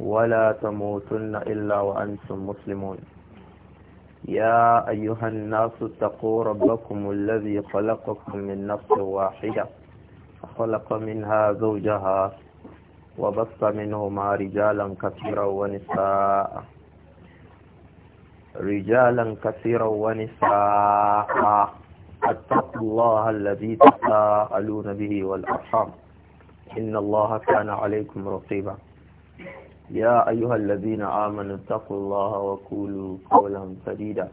ولا تموتن إلا وأنتم مسلمون يا أيها الناس اتقوا ربكم الذي خلقكم من نفس واحدة خلق منها زوجها وبص منهما رجالا كثيرا ونساء رجالا كثيرا ونساء اتقوا الله الذي تساءلون به والأرحام إن الله كان عليكم رقيبا يا أيها الذين آمنوا اتقوا الله وقولوا قولا سديدا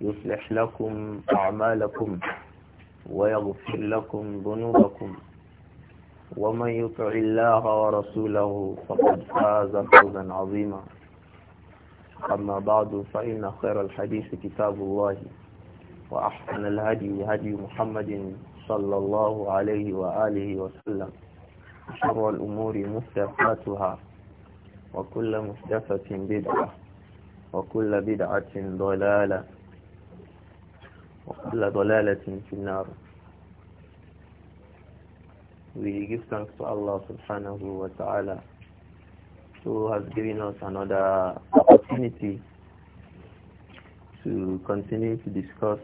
يصلح لكم أعمالكم ويغفر لكم ذنوبكم ومن يطع الله ورسوله فقد فاز فوزا عظيما أما بعد فإن خير الحديث كتاب الله وأحسن الهدي هدي محمد صلى الله عليه وآله وسلم شر الأمور محدثاتها وكل محدثة بدعة وكل بدعة ضلالة وكل ضلالة في النار We give thanks to Allah subhanahu wa ta'ala who has given us another opportunity to continue to discuss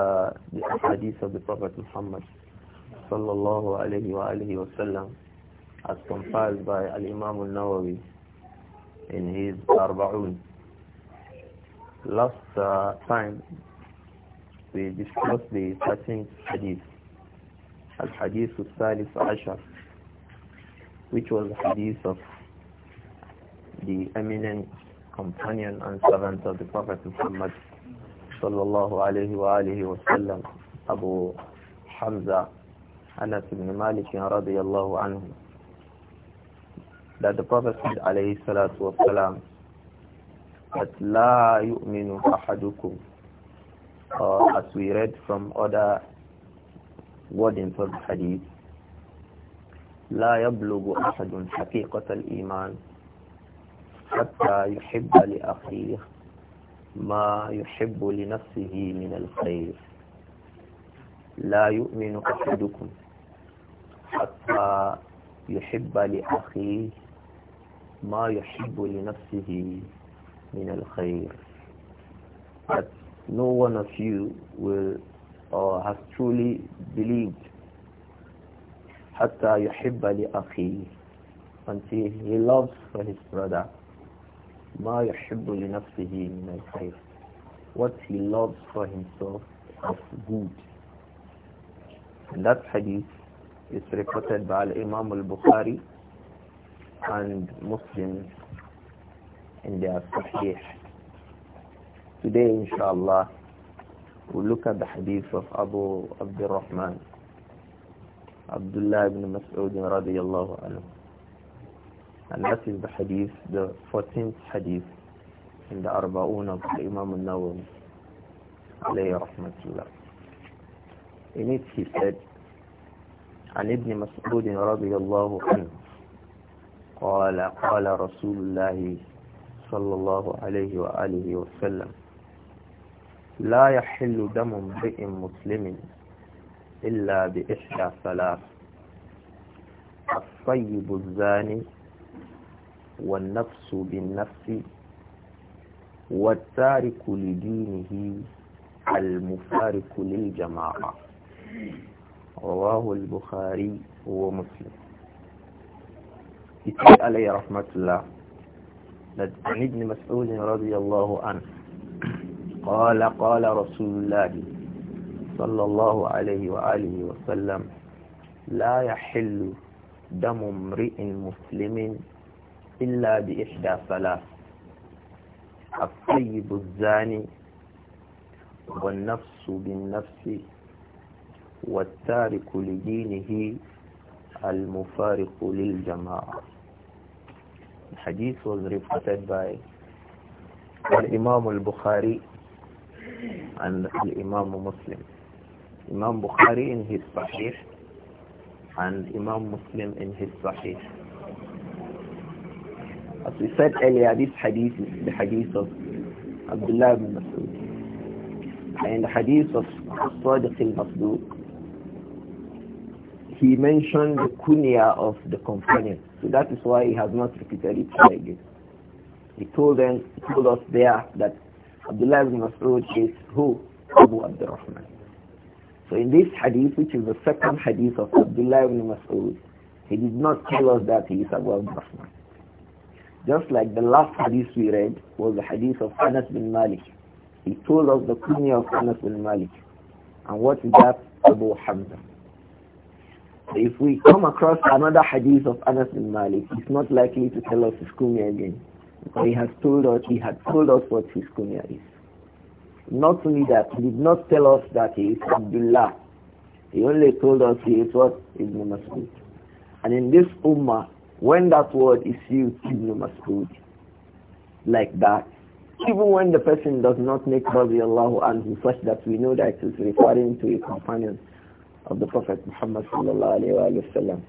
uh, the hadith of the Prophet Muhammad sallallahu alayhi wa alayhi wa sallam as compiled by Al-Imam al-Nawawi in his Arba'un. Last uh, time we discussed the 13th hadith, Al-Hadith of Salis Ashar, which was the hadith of the eminent companion and servant of the Prophet Muhammad sallallahu alayhi wa alihi wa sallam, Abu Hamza Anas ibn Malik radiallahu anhu. that the Prophet said alayhi salatu wasalam that la yu'minu ahadukum or as we read from other wording for the hadith لا يبلغ أحد حقيقة الإيمان حتى يحب لأخيه ما يحب لنفسه من الخير لا يؤمن أحدكم حتى يحب لأخيه ما يحب لنفسه من الخير that no one of you will or has truly believed حتى يحب لأخيه until he loves for his brother ما يحب لنفسه من الخير what he loves for himself of good and that hadith is reported by Imam al-Bukhari and Muslims in their Sahih. Today, inshallah, we'll look at the hadith of Abu Rahman, Abdullah ibn Mas'ud radiallahu anhu. And that is the hadith, the 14th hadith in the Arba'un of the Imam al-Nawawi, alayhi rahmatullah. In it he said, عن ابن مسعود رضي الله عنه قال قال رسول الله صلى الله عليه وآله وسلم لا يحل دم امرئ مسلم إلا بإحدى ثلاث الصيب الزاني والنفس بالنفس والتارك لدينه المفارق للجماعة رواه البخاري ومسلم He عليه رحمة الله that ابن مسعود رضي الله عنه قال قال رسول الله صلى الله عليه وآله وسلم لا يحل دم امرئ مسلم إلا بإحدى ثلاث الطيب الزاني والنفس بالنفس والتارك لدينه المفارق للجماعة hadith was reported by Al-Imam al-Bukhari and Al-Imam Muslim. Imam Bukhari in his Sahih and Imam Muslim in his Sahih. As we said earlier, this hadith is the hadith of Abdullah ibn Mas'ud. And the hadith of Sadiq al Masud he mentioned the kunya of the companion. So that is why he has not repeated it again. He told them, he told us there that Abdullah ibn Mas'ud is who? Abu Abdurrahman. So in this hadith, which is the second hadith of Abdullah ibn Mas'ud, he did not tell us that he is Abu Abdurrahman. Just like the last hadith we read was the hadith of Anas bin Malik. He told us the kunya of Anas bin Malik. And what is that? Abu Hamza. If we come across another hadith of Anas bin Malik, he's not likely to tell us his kunya again. Because he has told us, he had told us what his kunya is. Not only that, he did not tell us that he is Abdullah. He only told us he is what? Ibn Masud. And in this ummah, when that word is used, Ibn Masud, like that, even when the person does not make radiallahu anhu such that we know that it is referring to a companion, of the Prophet Muhammad sallallahu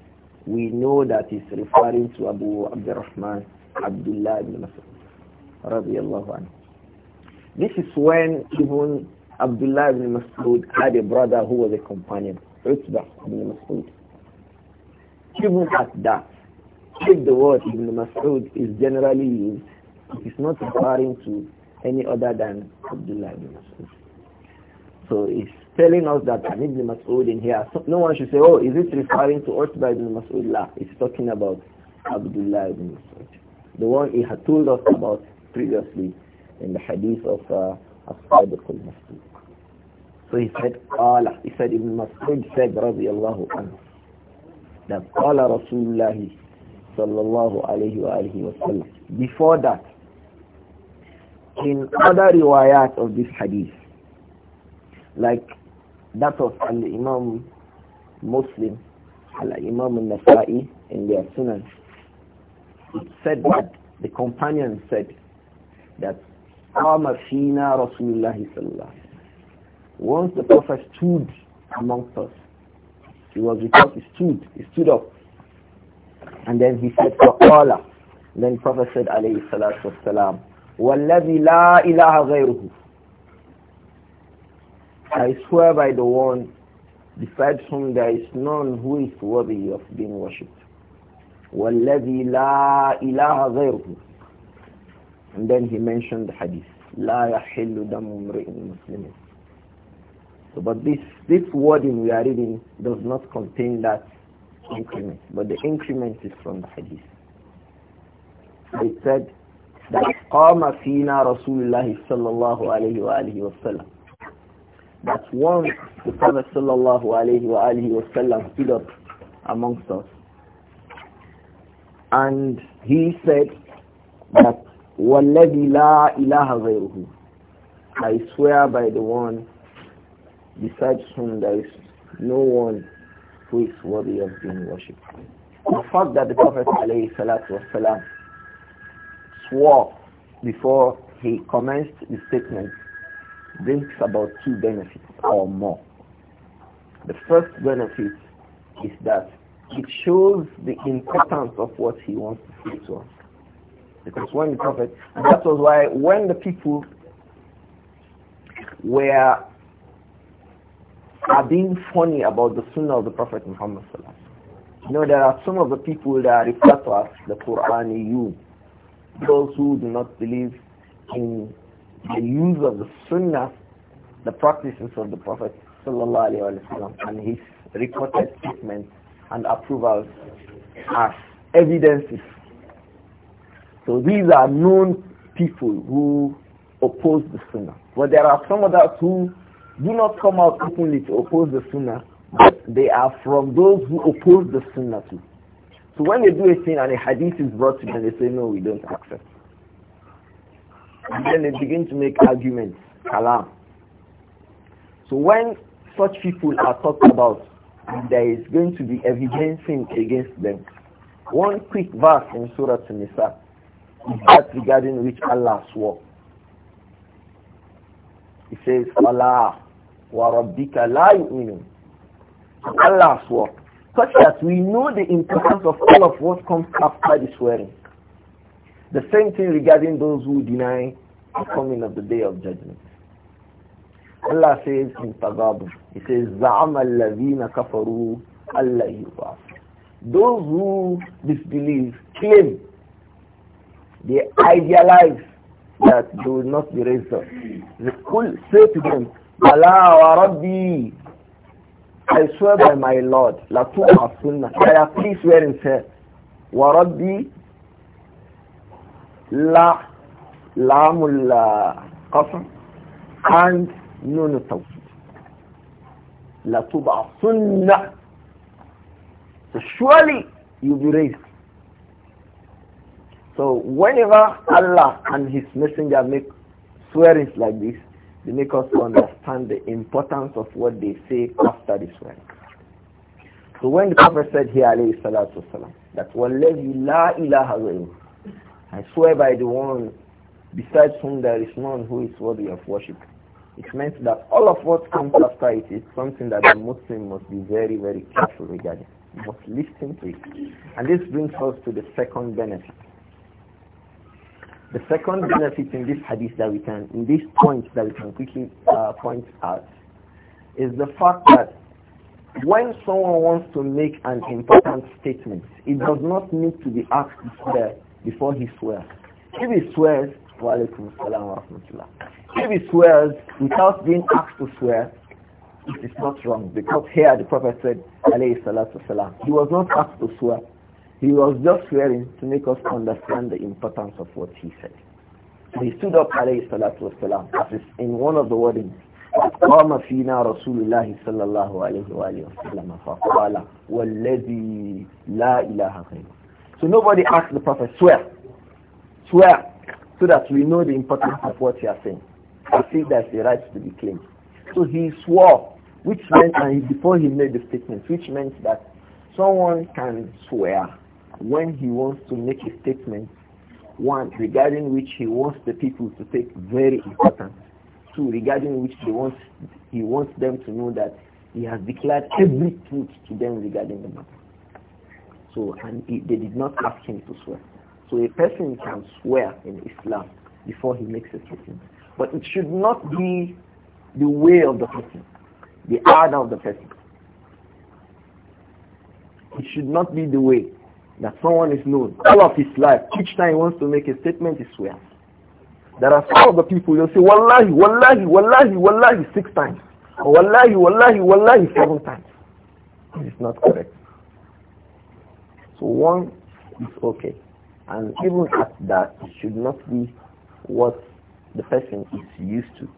we know that he's referring to Abu Abdurrahman Abdullah ibn Mas'ud This is when even Abdullah ibn Mas'ud had a brother who was a companion, Utbah ibn Mas'ud. Even at that, if the word ibn Mas'ud is generally used, it is not referring to any other than Abdullah ibn Mas'ud. So it's telling us that an Ibn Mas'ud in here, so no one should say, oh, is it referring to Utbah ibn Mas'ud? La, it's talking about Abdullah ibn Mas'ud. The one he had told us about previously in the hadith of uh, As-Sadiq al So he said, Qala, he said, Ibn Mas'ud said, radiyallahu anhu, that Qala Rasulullah sallallahu alayhi wa wa sallam. Before that, in other riwayat of this hadith, like that of Al-Imam Muslim, Al-Imam Al-Nasa'i in their Sunan. It said that the companion said that قام فينا Rasulullah الله Once the Prophet stood amongst us, he was reported, he stood, he stood up. And then he said, فقال Then Prophet said, عليه الصلاة والسلام, والذي La Ilaha غيره I swear by the one besides whom there is none who is worthy of being worshipped. وَالَّذِي لَا إِلَهَ غَيْرُهُ And then he mentioned the hadith. لَا يَحِلُّ دَمُ امْرِئٍ مُسْلِمٍ so, But this, this wording we are reading does not contain that increment, but the increment is from the hadith. They said that قَامَ فِينَا رَسُولُ اللَّهِ صَلَّى اللَّهُ عَلَيْهِ وَآلِهِ وَسَلَّمَ that once the Prophet sallallahu alayhi wa wasallam stood up amongst us and he said that وَالَّذِي لَا إِلَهَ غَيْرُهُ I swear by the one besides whom there is no one who is worthy of being worshipped. The fact that the Prophet والسلام, swore before he commenced the statement brings about two benefits or more. The first benefit is that it shows the importance of what he wants to say to us. Because when the prophet, and that was why when the people were are being funny about the sunnah of the prophet Muhammad sallallahu you know, there are some of the people that are to us the Quraniyun, those who do not believe in the use of the sunnah, the practices of the Prophet وسلم, and his recorded statements and approvals as evidences. So these are known people who oppose the sunnah. But there are some others who do not come out openly to oppose the sunnah, but they are from those who oppose the sunnah too. So when they do a thing and a hadith is brought to them, they say, no, we don't accept. And then they begin to make arguments, kalam. So when such people are talked about, there is going to be evidencing against them. One quick verse in Surah An-Nisa is that regarding which Allah swore. He says, Allah wa rabbika la yu'minun. Allah swore. Such that we know the importance of all of what comes after the swearing. The same thing regarding those who deny the coming of the day of judgment. Allah says in Tagabun, He says, زَعَمَ الَّذِينَ كَفَرُوا أَلَّا يُبْعَثُ Those who disbelieve claim, they idealize that they will not be raised up. The cool say to them, Allah wa Rabbi, I swear by my Lord, لَتُعَصُنَّ I am pleased wherein said, وَرَبِّي La, Lamul Qasr, and Nun Tawfiq. La Tuba Sunnah. So surely you'll be raised. So whenever Allah and His Messenger make swearings like this, they make us understand the importance of what they say after the swearing. So when the Prophet said here, alayhi salatu wasalam, that وَالَّذِي لَا إِلَهَ غَيْرُهُ I swear by the one besides whom there is none who is worthy of worship. It meant that all of what comes after it is something that the Muslim must be very, very careful regarding. must listen to it. And this brings us to the second benefit. The second benefit in this hadith that we can, in this point that we can quickly uh, point out, is the fact that when someone wants to make an important statement, it does not need to be asked there before he swears. If he swears, Walaikum Salam wa rahmatullah. If he swears without being asked to swear, it is not wrong because here the Prophet said, alayhi salatu salam, he was not asked to swear. He was just swearing to make us understand the importance of what he said. So he stood up, alayhi salatu salam, as is in one of the weddings. قام فينا رسول الله صلى الله عليه وآله وسلم فقال والذي لا إله غيره so nobody asked the Prophet, swear, swear, so that we know the importance of what you are saying. I see that the right to be claimed. So he swore, which meant, and before he made the statement, which meant that someone can swear when he wants to make a statement, one, regarding which he wants the people to take very important, two, regarding which he wants, he wants them to know that he has declared every truth to them regarding the matter. So, and they did not ask him to swear. So a person can swear in Islam before he makes a statement. But it should not be the way of the person, the order of the person. It should not be the way that someone is known all of his life. Each time he wants to make a statement, he swears. There are some of the people, they'll say, Wallahi, Wallahi, Wallahi, Wallahi, six times. Or Wallahi, Wallahi, Wallahi, seven times. It's not correct. So one is okay. And even at that, it should not be what the person is used to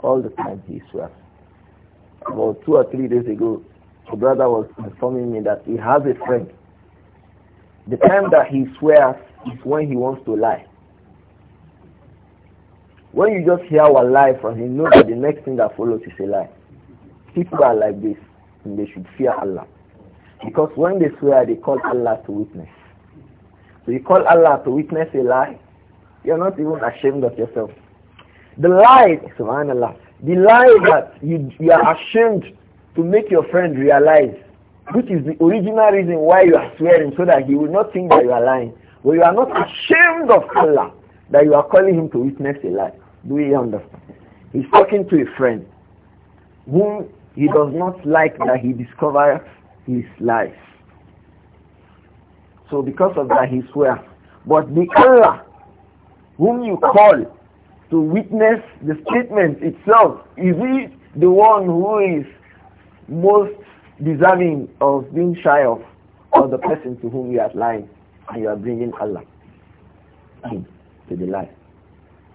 all the time he swears. About two or three days ago, a brother was informing me that he has a friend. The time that he swears is when he wants to lie. When you just hear a lie from him, know that the next thing that follows is a lie. People are like this, and they should fear Allah. Because when they swear, they call Allah to witness. So you call Allah to witness a lie, you're not even ashamed of yourself. The lie, subhanAllah, the lie that you, you are ashamed to make your friend realize, which is the original reason why you are swearing, so that he will not think that you are lying. But you are not ashamed of Allah that you are calling him to witness a lie. Do you understand? He's talking to a friend whom he does not like that he discovers his life. So because of that he swear. But the Allah whom you call to witness the statement itself, is he the one who is most deserving of being shy of or the person to whom you are lying and you are bringing Allah to the lie?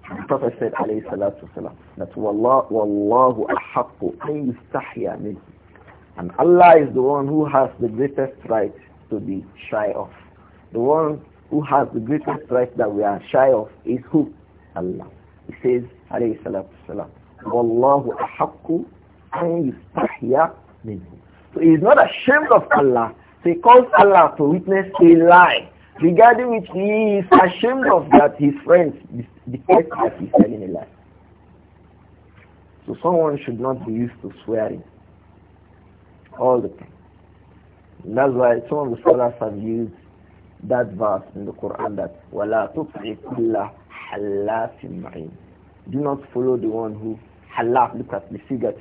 The Prophet said, alayhi salatu wasalam, that wallahu ahakku an yustahya minhu and Allah is the one who has the greatest right to be shy of. The one who has the greatest right that we are shy of is who? Allah. He says, alayhi salatu salam, Wallahu ahakku an yustahya minhu. So he is not ashamed of Allah. So he calls Allah to witness a lie regarding which he is ashamed of that his friends detect that is telling a lie. So someone should not be used to swearing all the time. And that's why some of the scholars have used that verse in the Quran that وَلَا تُطْعِ كُلَّ Do not follow the one who halaf, look at the figure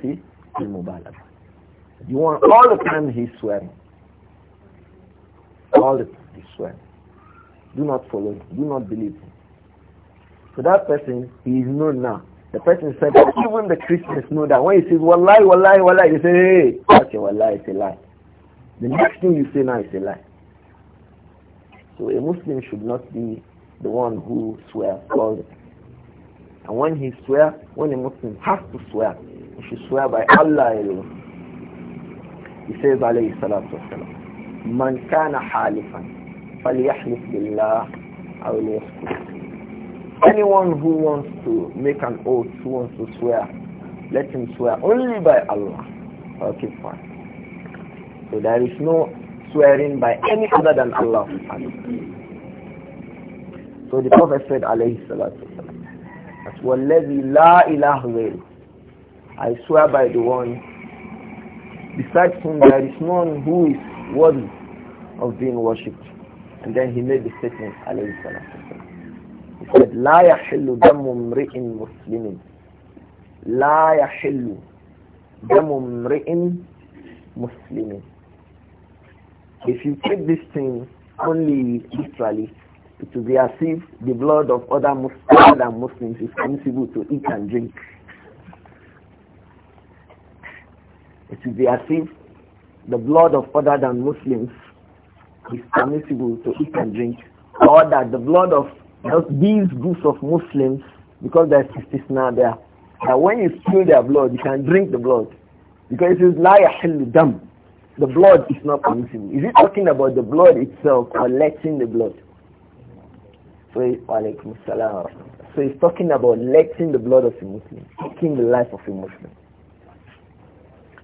al-mubalagh. You want all the time he's swearing. All the time he's swearing. Do not follow him. Do not believe him. So that person, he is known now. The person said, even the Christians know that when he says, Wallahi, Wallahi, Wallahi, you say, hey, that's a Wallahi, it's a lie. The next thing you say now is a lie. So a Muslim should not be the one who swears And when he swears, when a Muslim has to swear, he should swear by Allah alone. He says, alayhi salatu wasalam, Man كان حالفا فليحلف بالله أو ليسكت Anyone who wants to make an oath, who wants to swear, let him swear only by Allah. Okay, fine. So there is no swearing by any other than Allah. So the Prophet said, alayhi salatu wasalam, la ilaha I swear by the one, besides whom there is none who is worthy of being worshipped. And then he made the statement, alayhi salatu he said, لا يحل دم امرئ مسلم لا يحل دم امرئ مسلم If you take this thing only literally, it will be as if the blood of other Muslims, Muslims is permissible to eat and drink. It will be as if the blood of other than Muslims is permissible to eat and drink, or that the blood of these groups of Muslims, because there's istisna there, that when you spill their blood, you can drink the blood. Because it is la yahillu dam. The blood is not permissible. Is it talking about the blood itself or letting the blood? So, he's So it's talking about letting the blood of a Muslim, taking the life of a Muslim.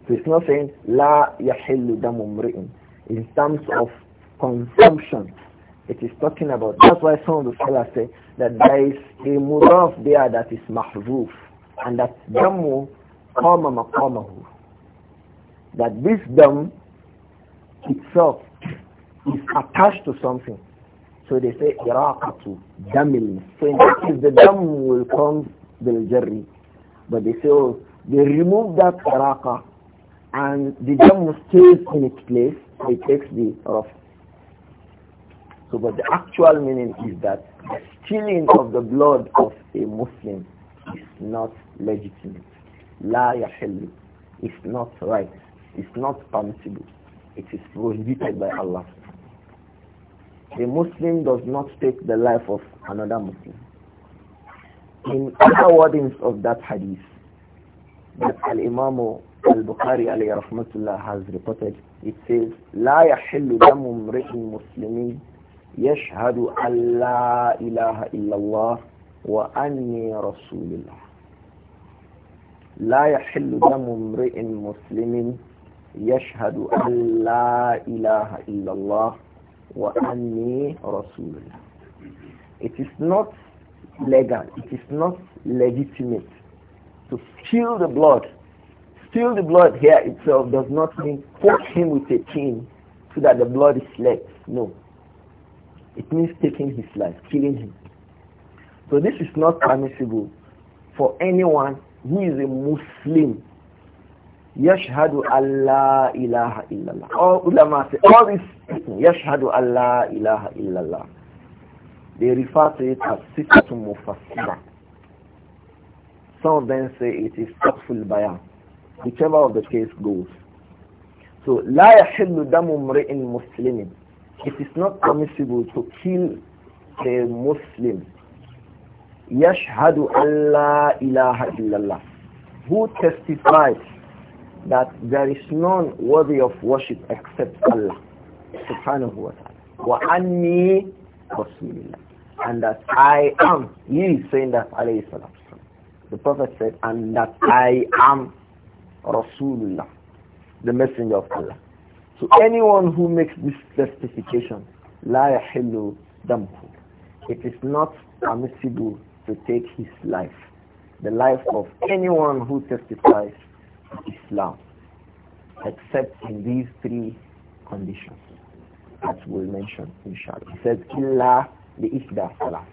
So it's not saying la yahillu damu mri'in in terms of consumption it is talking about. That's why some of the scholars say that there is a muraf there that is mahruf, and that damu kama maqamahu. That this dam itself is attached to something. So they say iraqatu damil. If the dam will come bil jarri. But they say oh, they remove that iraqa and the dam stays in its place. It takes the rough. So, but the actual meaning is that the stealing of the blood of a Muslim is not legitimate. La yahillu. It's not right. It's not permissible. It is prohibited by Allah. A Muslim does not take the life of another Muslim. In other wordings of that hadith, that Al-Imam Al-Bukhari alayhi has reported, it says, لا يحل دم امرئ مسلم يشهد أن لا ilaha إلا wa وأني رسول la لا يحل دم امرئ مسلم It is not legal, it is not legitimate to steal the blood. Steal the blood here itself does not mean poke him with a chain so that the blood is let No. It means taking his life, killing him. So this is not permissible for anyone who is a Muslim. Yashhadu Allah ilaha illallah. All ulama say, all this Yashhadu Allah ilaha illallah. They refer to it as Sifatu Mufassira. Some of them say it is Taqful Bayan. Whichever of the case goes. So, la يحل damu امرئ Muslimin it is not permissible to kill a Muslim yashhadu Allah ilaha illallah who testifies that there is none worthy of worship except Allah subhanahu wa ta'ala wa anni and that I am he is saying that alayhi salam the prophet said and that I am rasulullah the messenger of Allah so anyone who makes this testification, la yahillu damhu. It is not permissible to take his life, the life of anyone who testifies to Islam, except in these three conditions that we'll mention inshallah. He says, illa the isda salas.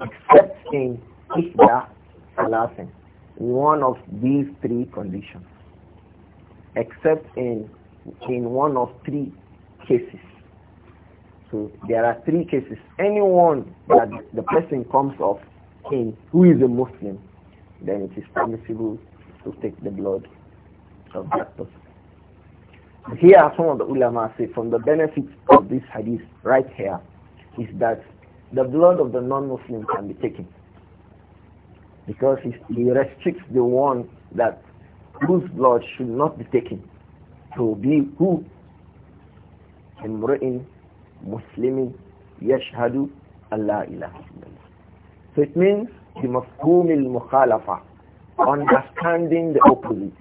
Except in isda salasin. One of these three conditions. Except in in one of three cases. So there are three cases. Anyone that the person comes of in who is a Muslim, then it is permissible to take the blood of that person. Here are some of the ulama say from the benefits of this hadith right here is that the blood of the non-Muslim can be taken because he restricts the one that whose blood should not be taken to be who imra'in muslimin yashhadu Allah ilaha so it means the mafhum al-mukhalafa understanding the opposite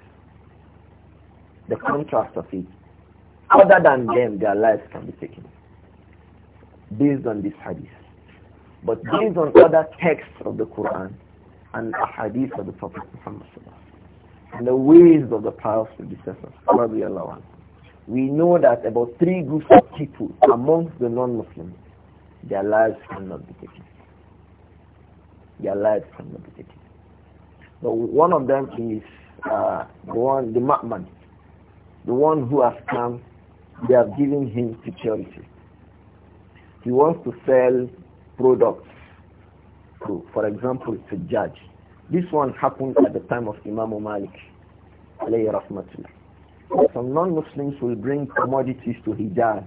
the contrast of it other than them their lives can be taken based on this hadith but based on other texts of the Quran and hadith of the Prophet Muhammad sallallahu and the ways of the pious predecessors. Oh. We know that about three groups of people amongst the non-Muslims, their lives cannot be taken. Their lives cannot be taken. So one of them is uh, the one, the madman, the one who has come, they have given him security. He wants to sell products to, for example, to judge this one happened at the time of Imam Malik, alayhi rahmatullah. Some non-Muslims will bring commodities to Hijaz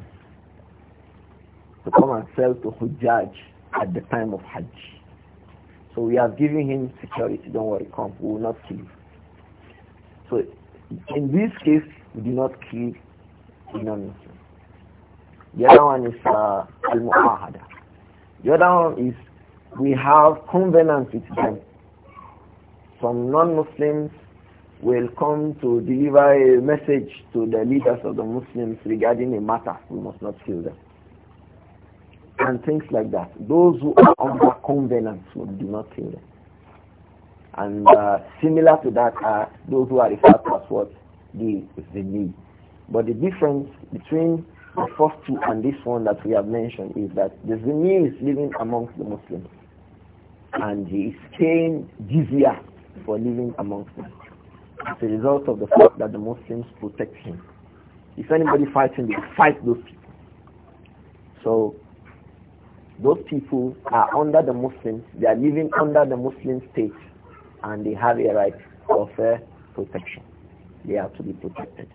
to come and sell to Hujjaj at the time of Hajj. So we have given him security. Don't worry, come. We will not kill you. So in this case, we do not kill non-Muslims. The other one is uh, al-mu'ahada. The other one is we have covenant with them some non-Muslims will come to deliver a message to the leaders of the Muslims regarding a matter. We must not kill them. And things like that. Those who are under covenant, will do not kill them. And uh, similar to that are those who are referred to as what? The Zini. But the difference between the first two and this one that we have mentioned is that the Zini is living amongst the Muslims. And he is paying jizya for living amongst them. As a result of the fact that the Muslims protect him. If anybody fights him, they fight those people. So those people are under the Muslims, they are living under the Muslim state and they have a right of uh, protection. They are to be protected.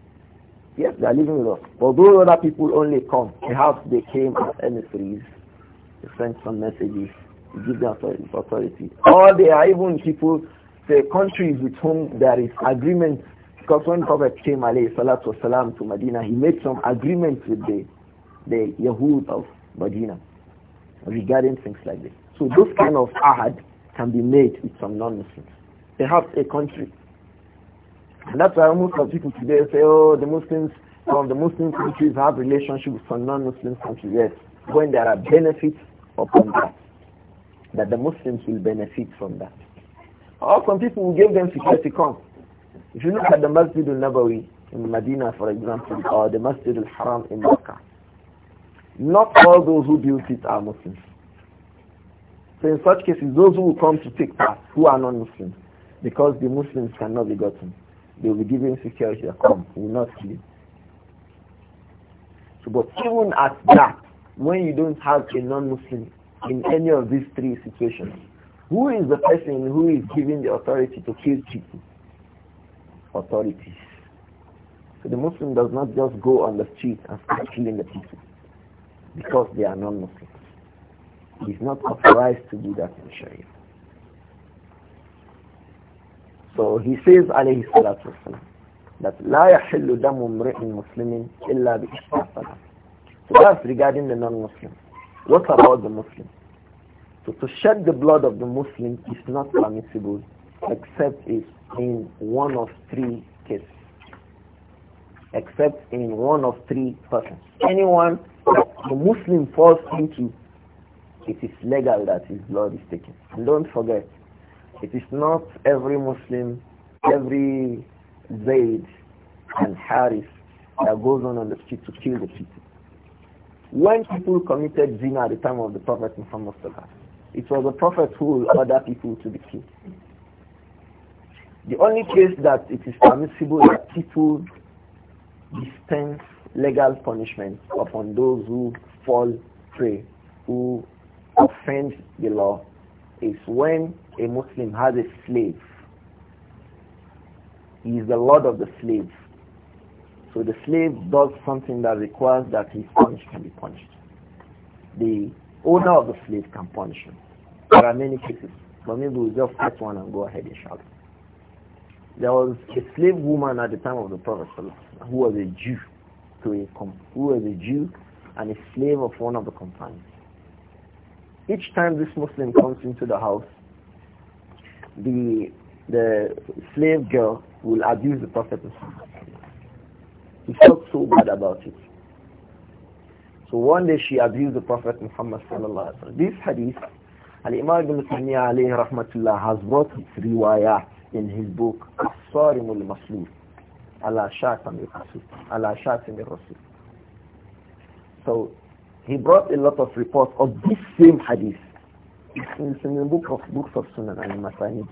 Yes, they are living with us. But those other people only come. Perhaps they came as emissaries. They sent some messages. give them authority. Or they are even people the countries with whom there is agreement. Because when Prophet came والسلام, to Medina, he made some agreements with the, the Yahud of Medina regarding things like this. So those kind of ahad can be made with some non-Muslims. Perhaps a country. And that's why most of people today say, oh, the Muslims some of the Muslim countries have relationship with some non-Muslim countries. Yes, when there are benefits upon that, that the Muslims will benefit from that. Often some people will give them security come. If you look at the Masjid al-Nabawi in Medina, for example, or the Masjid al-Haram in Mecca, not all those who built it are Muslims. So in such cases, those who will come to take part, who are non-Muslims, because the Muslims cannot be gotten, they will be given security that come, will not kill So, but even at that, when you don't have a non-Muslim in any of these three situations, who is the person who is giving the authority to kill people? Authorities. So the Muslim does not just go on the street and start killing the people because they are non-Muslims. He is not authorized to do that in Sharia. So he says, alayhi salatu wasalam, that لا يحل دم امرئ مسلم إلا بإحسان So that's regarding the non-Muslim. What about the Muslim? So to shed the blood of the Muslim is not permissible except if in one of three cases. Except in one of three persons. Anyone that the Muslim falls into, it is legal that his blood is taken. And don't forget, it is not every Muslim, every Zaid and Haris that goes on on the street to kill the people. When people committed zina at the time of the Prophet Muhammad Sallallahu it was the Prophet who ordered people to be killed. The only case that it is permissible that people dispense legal punishment upon those who fall prey, who offend the law, is when a Muslim has a slave. He is the lord of the slave. So the slave does something that requires that his punishment be punished. The owner of the slave can punish him. There are many cases, but maybe we'll just catch one and go ahead inshallah. There was a slave woman at the time of the Prophet who was a Jew to a who was a Jew and a slave of one of the companions. Each time this Muslim comes into the house, the the slave girl will abuse the Prophet. He felt so bad about it. So one day she abused the Prophet Muhammad sallallahu alaihi wasallam. This hadith, Al-Imam ibn Taymiyyah alayhi rahmatullah has brought three riwayah in his book, As-Sarimul Maslul, al shatim rasul al shatim rasul So he brought a lot of reports of this same hadith. It's in the book of books of Sunan al-Masani.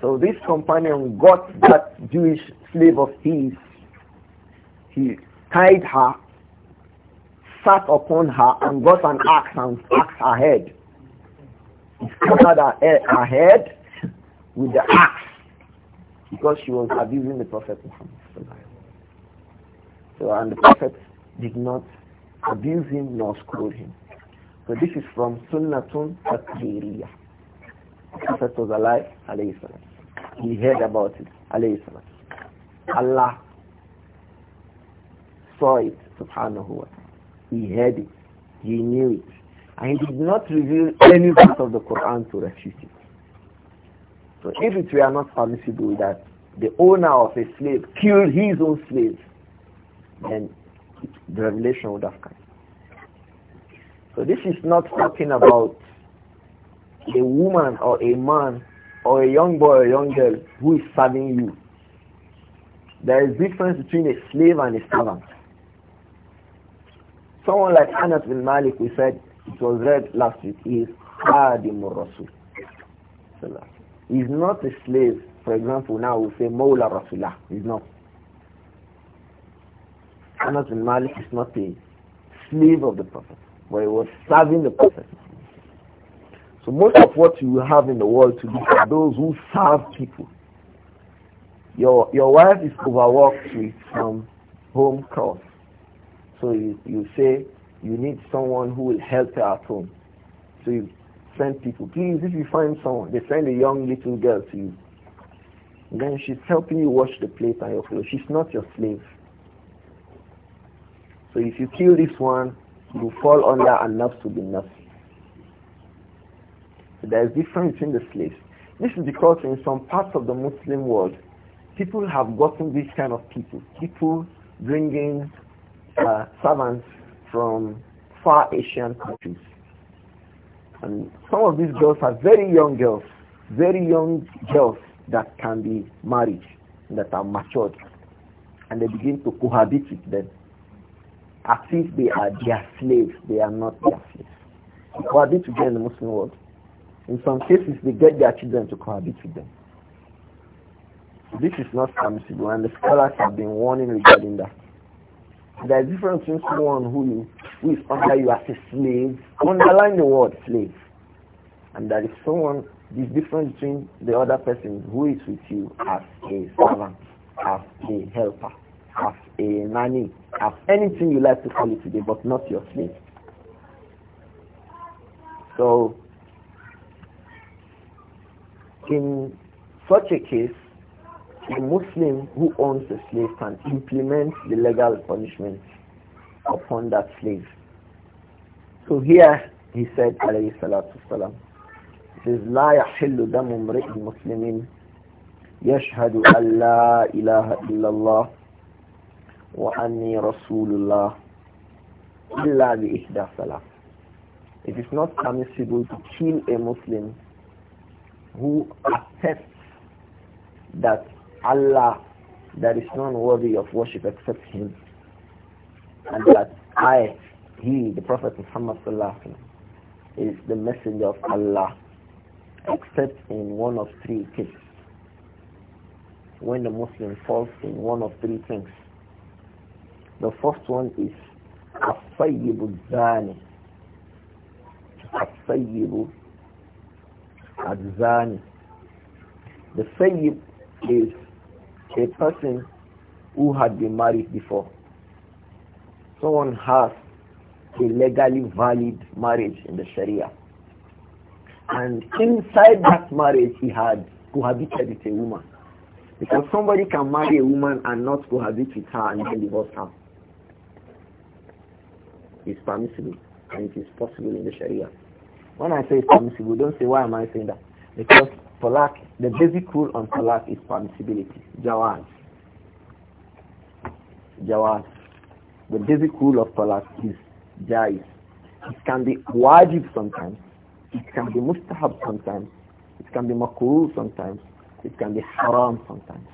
So this companion got that Jewish slave of his. He tied her sat upon her and got an axe and axed her head. He covered her, her head with the axe because she was abusing the Prophet Muhammad. So, and the Prophet did not abuse him nor scold him. So this is from Sunnatun Takbiriyah. The Prophet was alive, alayhi salam. He heard about it, alayhi salam. Allah saw it, subhanahu wa ta'ala. He heard it. He knew it. And he did not reveal any part of the Quran to refute it. So if it were not permissible that the owner of a slave killed his own slave, then the revelation would have come. So this is not talking about a woman or a man or a young boy or a young girl who is serving you. There is difference between a slave and a servant. Someone like Anas bin Malik, we said, it was read last week, is Hadim Rasul. He's not a slave. For example, now we say Mawla Rasulah. He's not. Anas bin Malik is not a slave of the Prophet, but he was serving the Prophet. So most of what you have in the world today are those who serve people. Your, your wife is overworked with some home chores so you, you say you need someone who will help her at home. So you send people. Please, if you find someone, they send a young little girl to you. And then she's helping you wash the plate and your clothes. She's not your slave. So if you kill this one, you fall under enough to be nothing. So there is difference between the slaves. This is because in some parts of the Muslim world, people have gotten this kind of people. People bringing uh, servants from far Asian countries. And some of these girls are very young girls, very young girls that can be married, that are matured. And they begin to cohabit with them as if they are their slaves. They are not their slaves. They cohabit with them in the Muslim world. In some cases, they get their children to cohabit with them. This is not permissible, and the scholars have been warning regarding that. There is difference between someone who, who is under you as a slave, underline the word slave. And there is someone, this difference between the other person who is with you as a servant, as a helper, as a nanny, as anything you like to call it today, but not your slave. So, in such a case, a Muslim who owns a slave can implement the legal punishment upon that slave. So here he said, alayhi salatu salam, says, لا يحل دم امرئ مسلم يشهد أن لا إله إلا الله وأني رسول الله إلا بإحدى ثلاث. It is not permissible to kill a Muslim who attests that Allah, there is none worthy of worship except Him. And that I, He, the Prophet Muhammad Sallallahu is the messenger of Allah, except in one of three cases. When the Muslim falls in one of three things. The first one is الصيب الزاني الصيب The sayyib is a person who had been married before. Someone has a legally valid marriage in the Sharia. And inside that marriage he had cohabited with a woman. Because somebody can marry a woman and not cohabit with her and then divorce her. It's permissible and it is possible in the Sharia. When I say it's permissible, don't say why am I saying that? Because Talak, the basic rule on talak is permissibility. Jawaz. Jawaz. The basic rule of talak is jais. It can be wajib sometimes. It can be mustahab sometimes. It can be makruh sometimes. It can be haram sometimes.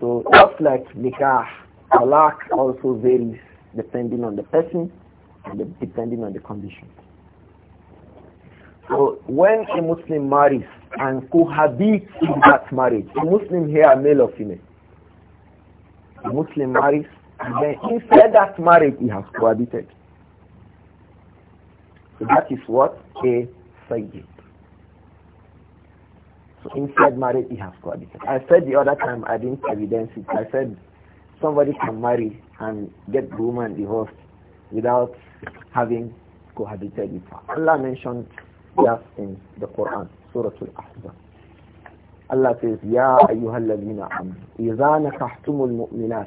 So just like nikah, talak also varies depending on the person and depending on the condition. So when a Muslim marries and cohabit in that marriage. A Muslim here, male or female. A Muslim marries, and then inside that marriage he has cohabited. So that is what a sayyid. So inside marriage he has cohabited. I said the other time I didn't evidence it. I said somebody can marry and get the woman divorced without having cohabited with her. Allah mentioned that in the Quran. سورة الأحزاب الله Allah يا أيها الذين آمنوا إذا نكحتم المؤمنات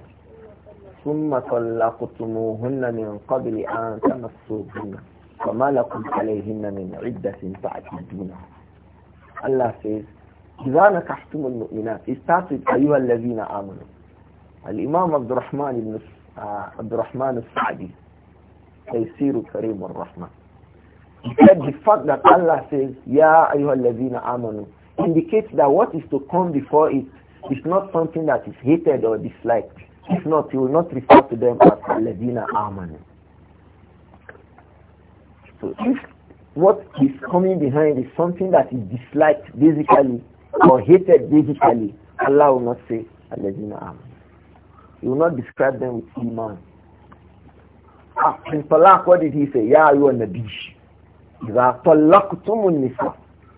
ثم طلقتموهن من قبل أن تمسوهن فما لكم عليهن من عدة تعتدونها الله says إذا نكحتم المؤمنات استعطت أيها الذين آمنوا الإمام عبد الرحمن بن آه، عبد الرحمن السعدي تيسير كريم الرحمن He said the fact that Allah says, Ya ayyuhalladhina amanu, indicates that what is to come before it is not something that is hated or disliked. If not, he will not refer to them as alladhina amanu. So if what is coming behind is something that is disliked basically or hated basically, Allah will not say alladhina amanu. He will not describe them with iman. Ah, in Palak, what did he say? Ya ayyuhalladhina إذا طلقتم النساء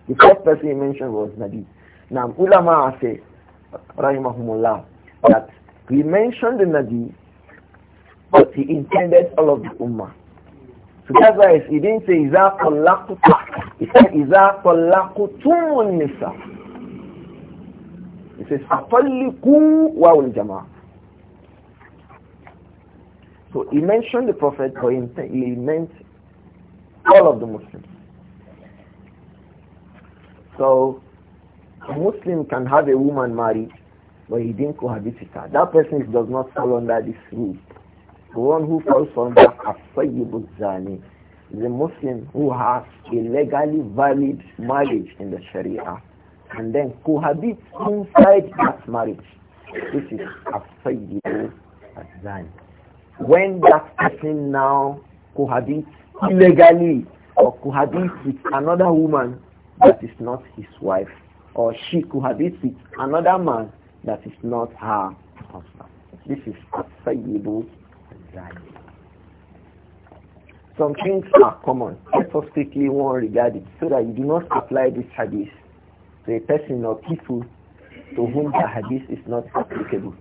The first person he mentioned was Nabi. Now ulama say, rahimahumullah, that he mentioned the Nabi, but he intended all of the ummah. So that's why he didn't say إذا طلقتم. He said إذا طلقتم النساء. He says أطلقوا واو الجماعة. So he mentioned the Prophet, but he meant all of the Muslims. So a Muslim can have a woman married, but he didn't cohabit with her. That person does not fall under this rule. The one who falls under Asayyibul Zani is a Muslim who has a legally valid marriage in the Sharia and then cohabits inside that marriage. This is Asayyibul Zani. When that person now cohabits illegally or cohabits with another woman that is not his wife, or she cohabits with another man that is not her husband. This is acceptable Some things are common. Let us quickly one regard it so that you do not apply this hadith to a person or people to whom the hadith is not applicable.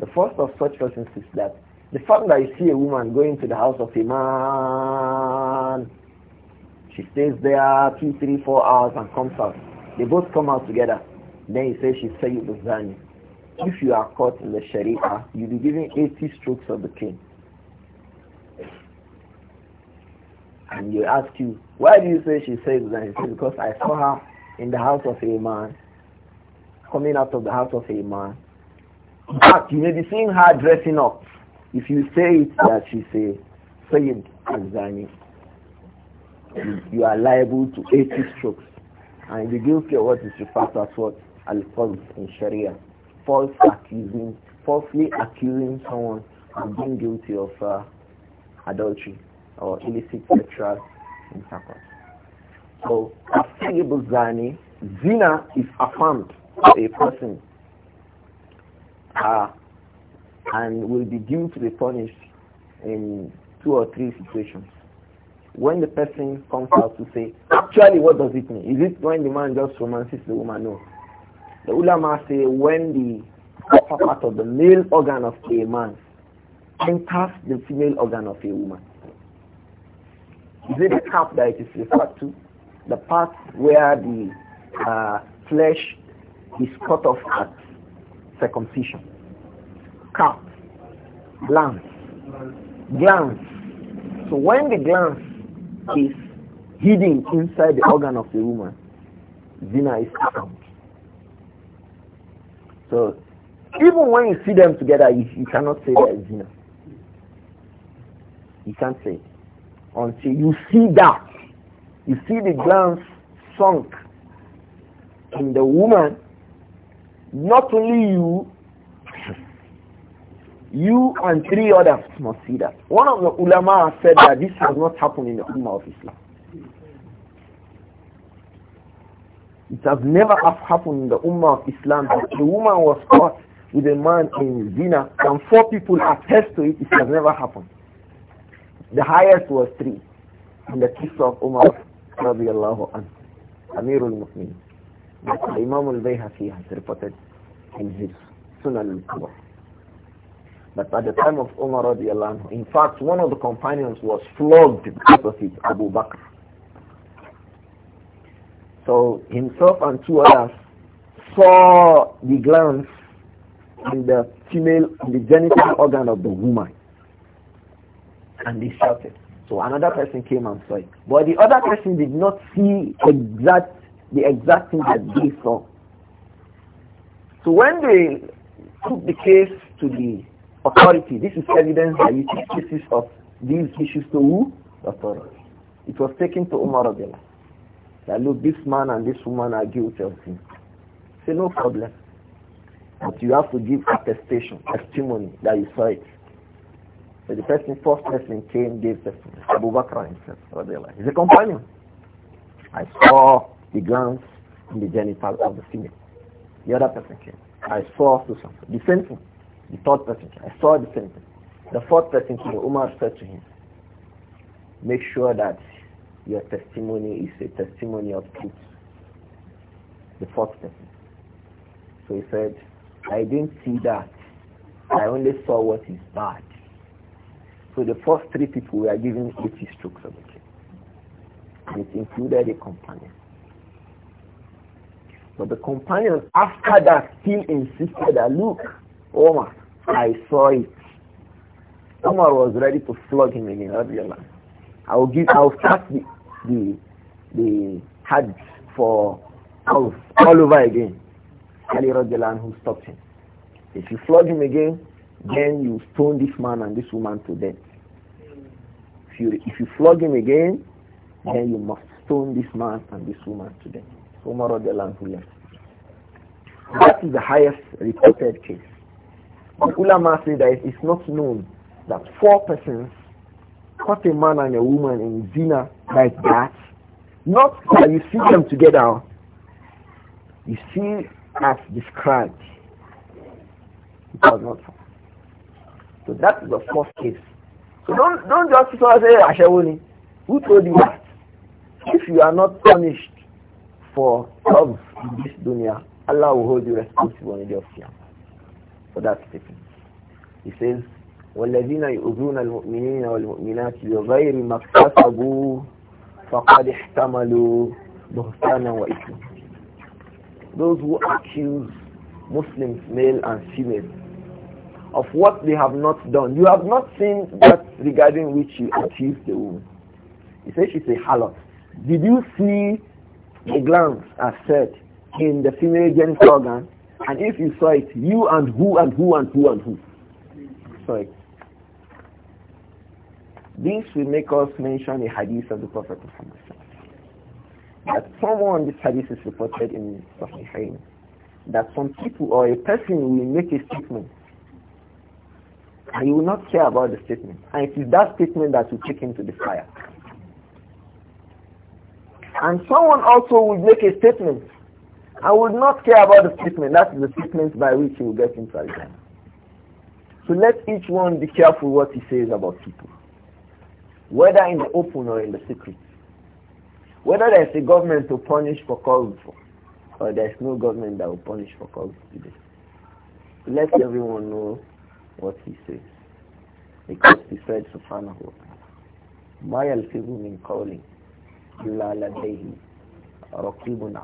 The first of such persons is that the fact that you see a woman going to the house of a man, she stays there two, three, four hours and comes out. They both come out together. Then he says she Sayyid Zani. If you are caught in the Sharia, you'll be given 80 strokes of the cane. And you ask you, why do you say she says that? He says, because I saw her in the house of a man, coming out of the house of a man. In fact, you may be seeing her dressing up. If you say it that she say, Sayyid zani, you are liable to 80 strokes. And the guilty of what is referred to as what? Al-Falz in Sharia. False accusing, falsely accusing someone of being guilty of uh, adultery or illicit sexual intercourse. So, Asayibu Zani, zina is affirmed to a person. Uh, and will be due to be punished in two or three situations. When the person comes out to say, actually what does it mean? Is it when the man just romances the woman? No. The ulama say when the upper part of the male organ of a man enters the female organ of a woman. Is it the cap that it is referred to? The part where the uh, flesh is cut off at circumcision cap, glance, glance. So when the glance is hidden inside the organ of the woman, zina is found. So even when you see them together, you, you cannot say that is zina. You can't say until you see that. You see the glance sunk in the woman. Not only you, you and three others must see that. One of the ulama said that this has not happened in the Ummah of Islam. It has never happened in the Ummah of Islam that a woman was caught with a man in zina and four people attest to it. It has never happened. The highest was three in the case of Umar radiallahu anhu, Amirul Muslimin. Imam al-Bayhaqi has reported in his Sunan al-Kubra. But at the time of Umar radiallahu in fact, one of the companions was flogged because of Abu Bakr. So himself and two others saw the glance in the female, in the genital organ of the woman. And they shouted. So another person came and saw it. But the other person did not see exact the exact thing that they saw. So when they took the case to the authority. This is evidence that you take cases of these issues to who? Authority. It was taken to Umar Abdullah. That look, this man and this woman are guilty of sin. Say no problem. But you have to give attestation, testimony that you saw it. So the person, first person came, gave testimony. Abu Bakr himself, Radiyallahu. He's a companion. I saw the glands in the genital of the female. The other person came. I saw Susan. The same thing. The third person, I saw the same thing. The fourth person, King Umar said to him, make sure that your testimony is a testimony of truth. The fourth person. So he said, I didn't see that. I only saw what is bad. So the first three people were given 80 strokes of the cane. And it included a companion. But the companion after that still insisted that look, Omar, I saw it. Omar was ready to flog him in Rabiyallah. I will give, I will start the, the, the Hajj for all, all over again. Ali Radiyallah who stopped him. If you flog him again, then you stone this man and this woman to death. If you, if you flog him again, then you must stone this man and this woman to death. Omar Radiyallah who left. That is the highest reported case. The ulama say that it's not known that four persons caught a man and a woman in zina like that. Not that you see them together. You see as described. It was not. So that is the first case. So don't don't just say Ashewoni. Who told you that? If you are not punished for love in this dunya, Allah will hold you responsible in the day he says, والذين يؤذون المؤمنين والمؤمنات بغير ما اكتسبوا فقد احتملوا بهتانا وإثما. Those who accuse Muslims, male and female, of what they have not done. You have not seen that regarding which you accuse the woman. He says she's a harlot. Did you see a glance as said in the female genital organ? And if you saw it, you and who and who and who and who saw it. This will make us mention the hadith of the Prophet Muhammad. That someone, this hadith is reported in Sahihain, that some people or a person will make a statement and he will not care about the statement. And it is that statement that will take him to the fire. And someone also will make a statement I would not care about the statement. That's the statement by which he will get into trouble. So let each one be careful what he says about people, whether in the open or in the secret. Whether there is a government to punish for calling for, or there is no government that will punish for calling today. Let everyone know what he says. Because he said, Subhanahu wa ta'ala, مَا calling, مِنْ قَوْلٍ إِلَّا لَدَيْهِ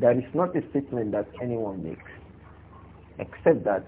that is not a statement that anyone makes, except that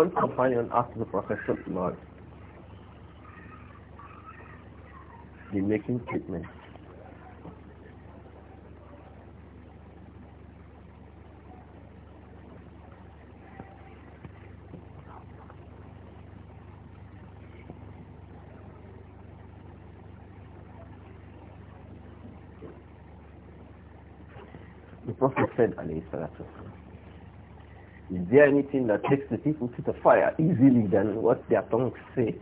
one companion asked the Prophet Sallallahu they making treatment." The Prophet said, alayhi salatu is there anything that takes the people to the fire easily than what their tongues say?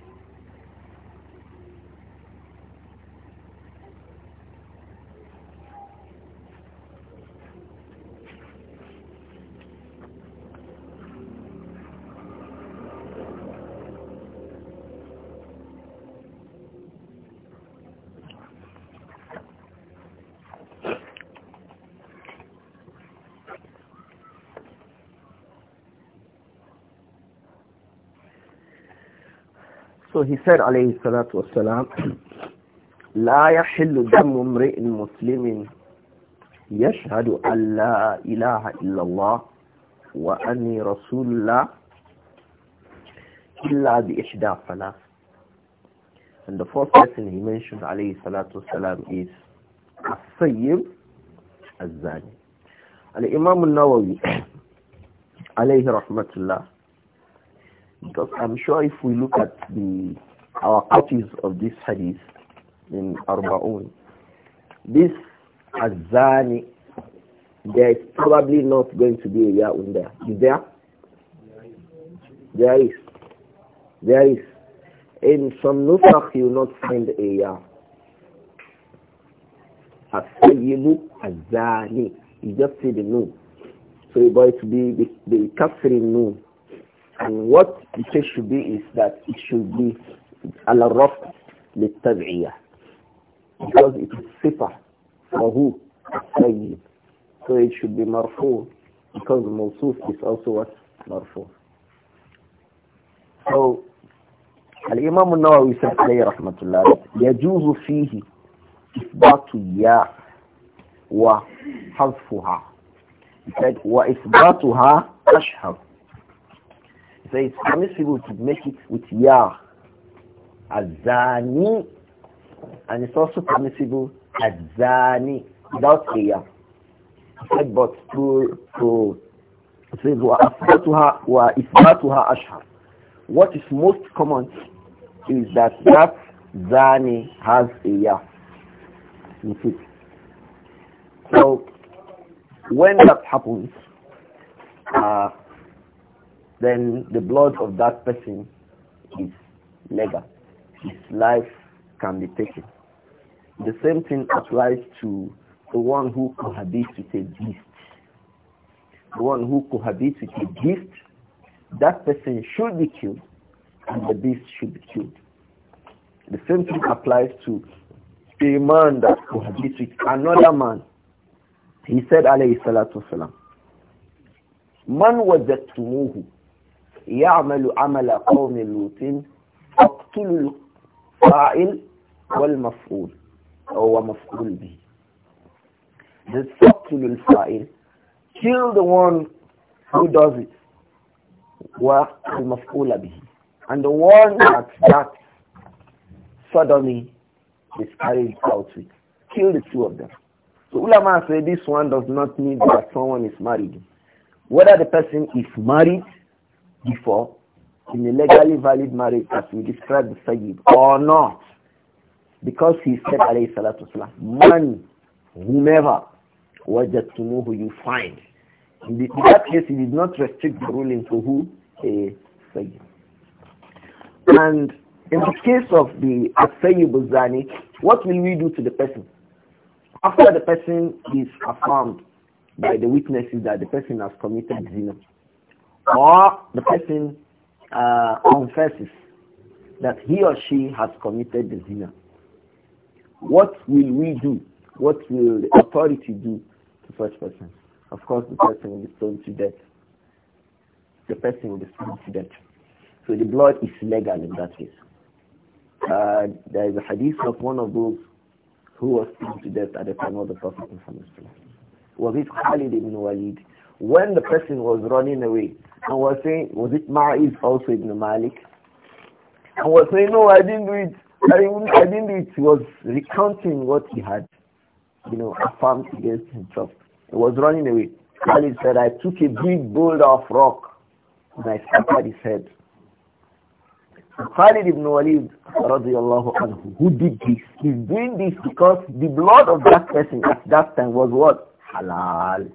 So he said alayhi salatu wasalam, لا يحل دم امرئ مسلم يشهد أن لا إله إلا الله وأني رسول الله إلا بإحدى ثلاث And the fourth person he mentioned عليه الصلاة والسلام is الصيب الزاني الإمام النووي عليه رحمة الله Because I'm sure if we look at the our copies of this hadith in Arbaun, this Azani, there is probably not going to be a Ya'un there. Is there? There is. There is. In some nusakh you will not find a Ya'un. Azani, You just see the noon. So going to be the, the kafri and what the case should be is that it should be al-raf للتبعية because it is sifa for who? السيد so it should be marfu because mawsuf is also what? marfu so الإمام النووي said عليه رحمة الله يجوز فيه إثبات يا وحذفها he said وإثباتها أشهر so it's permissible to make it with ya, azani, and it's also permissible azani without a ya. Said, but to to says wa wa ifatuha ashhar. What is most common is that that zani has a ya. You see. So when that happens, uh, then the blood of that person is legal. His life can be taken. The same thing applies to the one who cohabits with a beast. The one who cohabits with a beast, that person should be killed and the beast should be killed. The same thing applies to a man that cohabits with another man. He said, alayhi salatu wasalam, man was the tumuhu. يعمل عمل قوم لوط الفاعل والمفعول هو مفعول به the فاقتلوا الفاعل kill the one who does it والمفعول به and the one that that suddenly, is carried out with kill the two of them so ulama say this one does not mean that someone is married whether the person is married before in a legally valid marriage as we described the Sayyid or not. Because he said, alayhi salatu wasalam, Man, whomever, who you find. In, the, in that case, he did not restrict the ruling to who? A Sayyid. And in the case of the Asayyib Zani, what will we do to the person? After the person is affirmed by the witnesses that the person has committed zina, or the person uh, confesses that he or she has committed the zina. What will we do? What will the authority do to such person? Of course, the person will be stoned to death. The person will be stoned to death. So the blood is legal in that case. Uh, there is a hadith of one of those who was stoned to death at the time of the Prophet Muhammad. Was it Khalid ibn Walid? When the person was running away, and was saying, was it Ma'id also Ibn Malik? And was saying, no, I didn't do it. I, I didn't do it. He was recounting what he had, you know, affirmed against himself. He was running away. Khalid said, I took a big boulder of rock and I scattered his head. Khalid ibn Walid radiallahu anhu, who did this? He's doing this because the blood of that person at that time was what? Halal.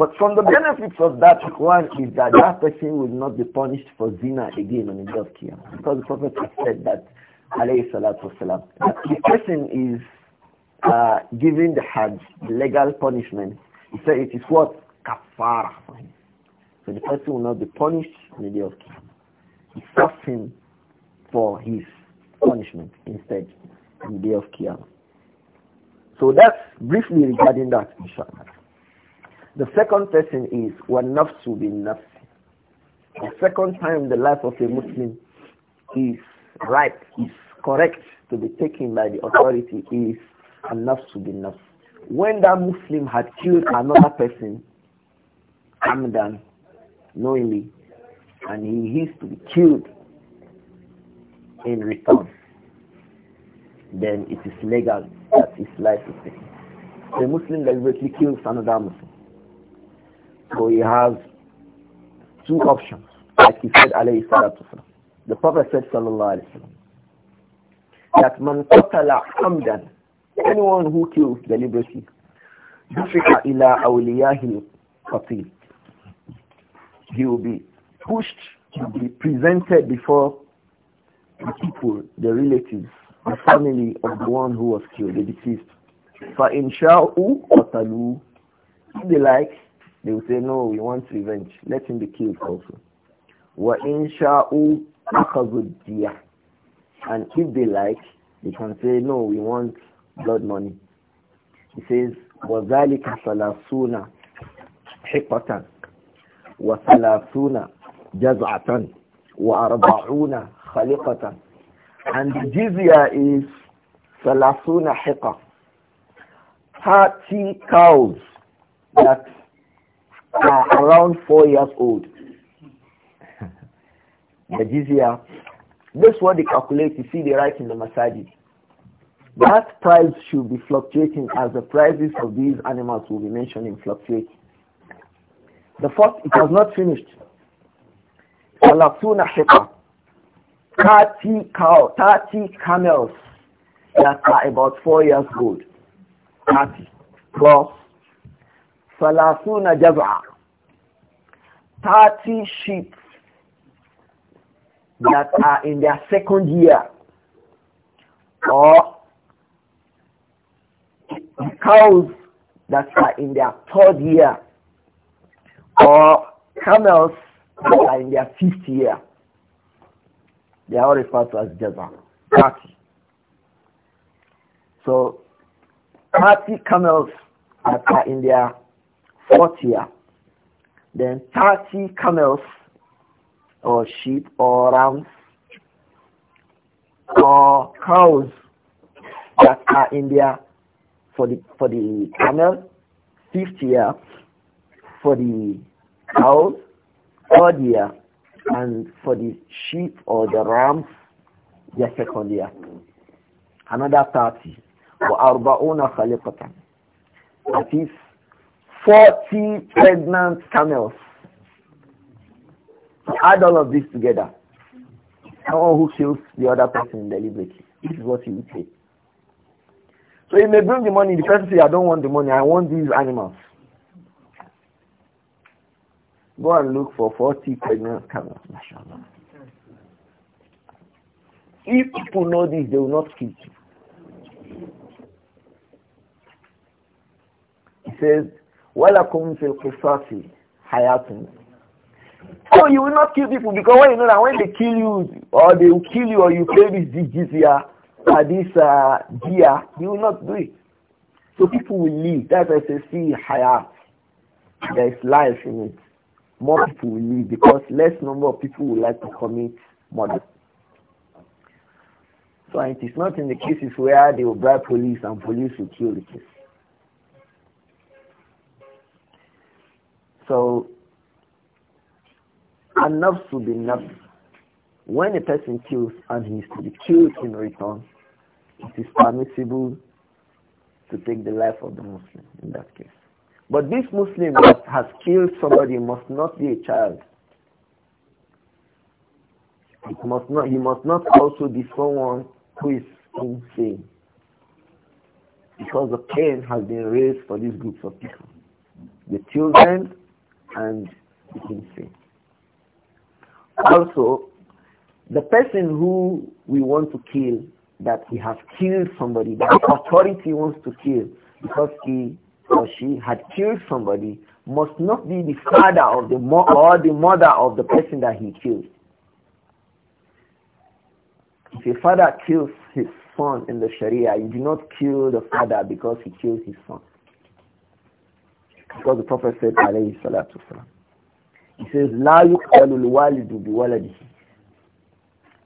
But from the benefits of that one is that that person will not be punished for zina again on the day of Qiyamah. Because the Prophet said that, alayhi salatu wasalam, that the person is uh, giving the Hajj legal punishment. He said it is what? kafarah for him. So the person will not be punished on the day of Qiyamah. He suffers him for his punishment instead on the day of Qiyamah. So that's briefly regarding that, inshallah. The second person is bin بِالنَّفْسِ The second time the life of a Muslim is right, is correct to be taken by the authority is bin بِالنَّفْسِ When that Muslim had killed another person, Hamdan, knowingly, and he is to be killed in return, then it is legal that his life is taken. A Muslim deliberately kills another Muslim. So he has two options, like he said, alayhi salatu The Prophet said, sallallahu alayhi wasallam, that man qatala hamdan, anyone who kills deliberately, yusrika ila awliyahi qatil. He will be pushed, he will be presented before the people, the relatives, the family of the one who was killed, the deceased. فَإِنْ شَاءُوا قَتَلُوا If they like, they will say, no, we want revenge. Let him be killed also. وَإِنْ شَاءُوا أَخَذُوا And if they like, they can say, no, we want blood money. He says, وَذَلِكَ ثَلَاثُونَ حِقَةً وَثَلَاثُونَ جَزْعَةً وَأَرْبَعُونَ خَلِقَةً And the jizya is ثَلَاثُونَ حِقَةً 30 cows that are around four years old. the year, This what they calculate. You see, they write in the masajid. That price should be fluctuating as the prices of these animals will be mentioned in fluctuate. The first, it has not finished. Salatuna shekah. 30 cow, 30 camels that are about four years old. 30 plus salasuna jaz'a 30 sheep that are in their second year or cows that are in their third year or camels that are in their fifth year. They are all referred to as Jaza. 30. So 30 camels that are in their 40 then 30 camels or sheep or rams or cows that are in there for the for the camel, 50 year for the cows, third year, and for the sheep or the rams, the second year. Another 30. وأربعون خليقة. That is 40 pregnant camels. Add all of this together. Someone who kills the other person deliberately. This is what he would say. So he may bring the money. The person says, I don't want the money. I want these animals. Go and look for 40 pregnant camels. Mashallah. If people know this, they will not kill you. He says, وَلَكُمْ فِي الْقِصَاصِ حَيَاتٌ So you will not kill people because when you know that when they kill you or they will kill you or you pay this jizya or uh, this uh, dia, you will not do it. So people will leave. That's why I see hayat. There is life in it. More people will leave because less number of people will like to commit murder. So it is not in the cases where they will bribe police and police will kill the case. So, and nafs be nafs. When a person kills and he is to be killed in return, it is permissible to take the life of the Muslim in that case. But this Muslim that has killed somebody must not be a child. It must not, he must not also be someone who is insane. Because the pain has been raised for these groups of people. The children and became see. Also, the person who we want to kill, that he has killed somebody, that the authority wants to kill because he or she had killed somebody, must not be the father of the mo- or the mother of the person that he killed. If a father kills his son in the Sharia, you do not kill the father because he killed his son. Because the Prophet said, alayhi salatu wasalam, he says, لا يقتل الوالد بولده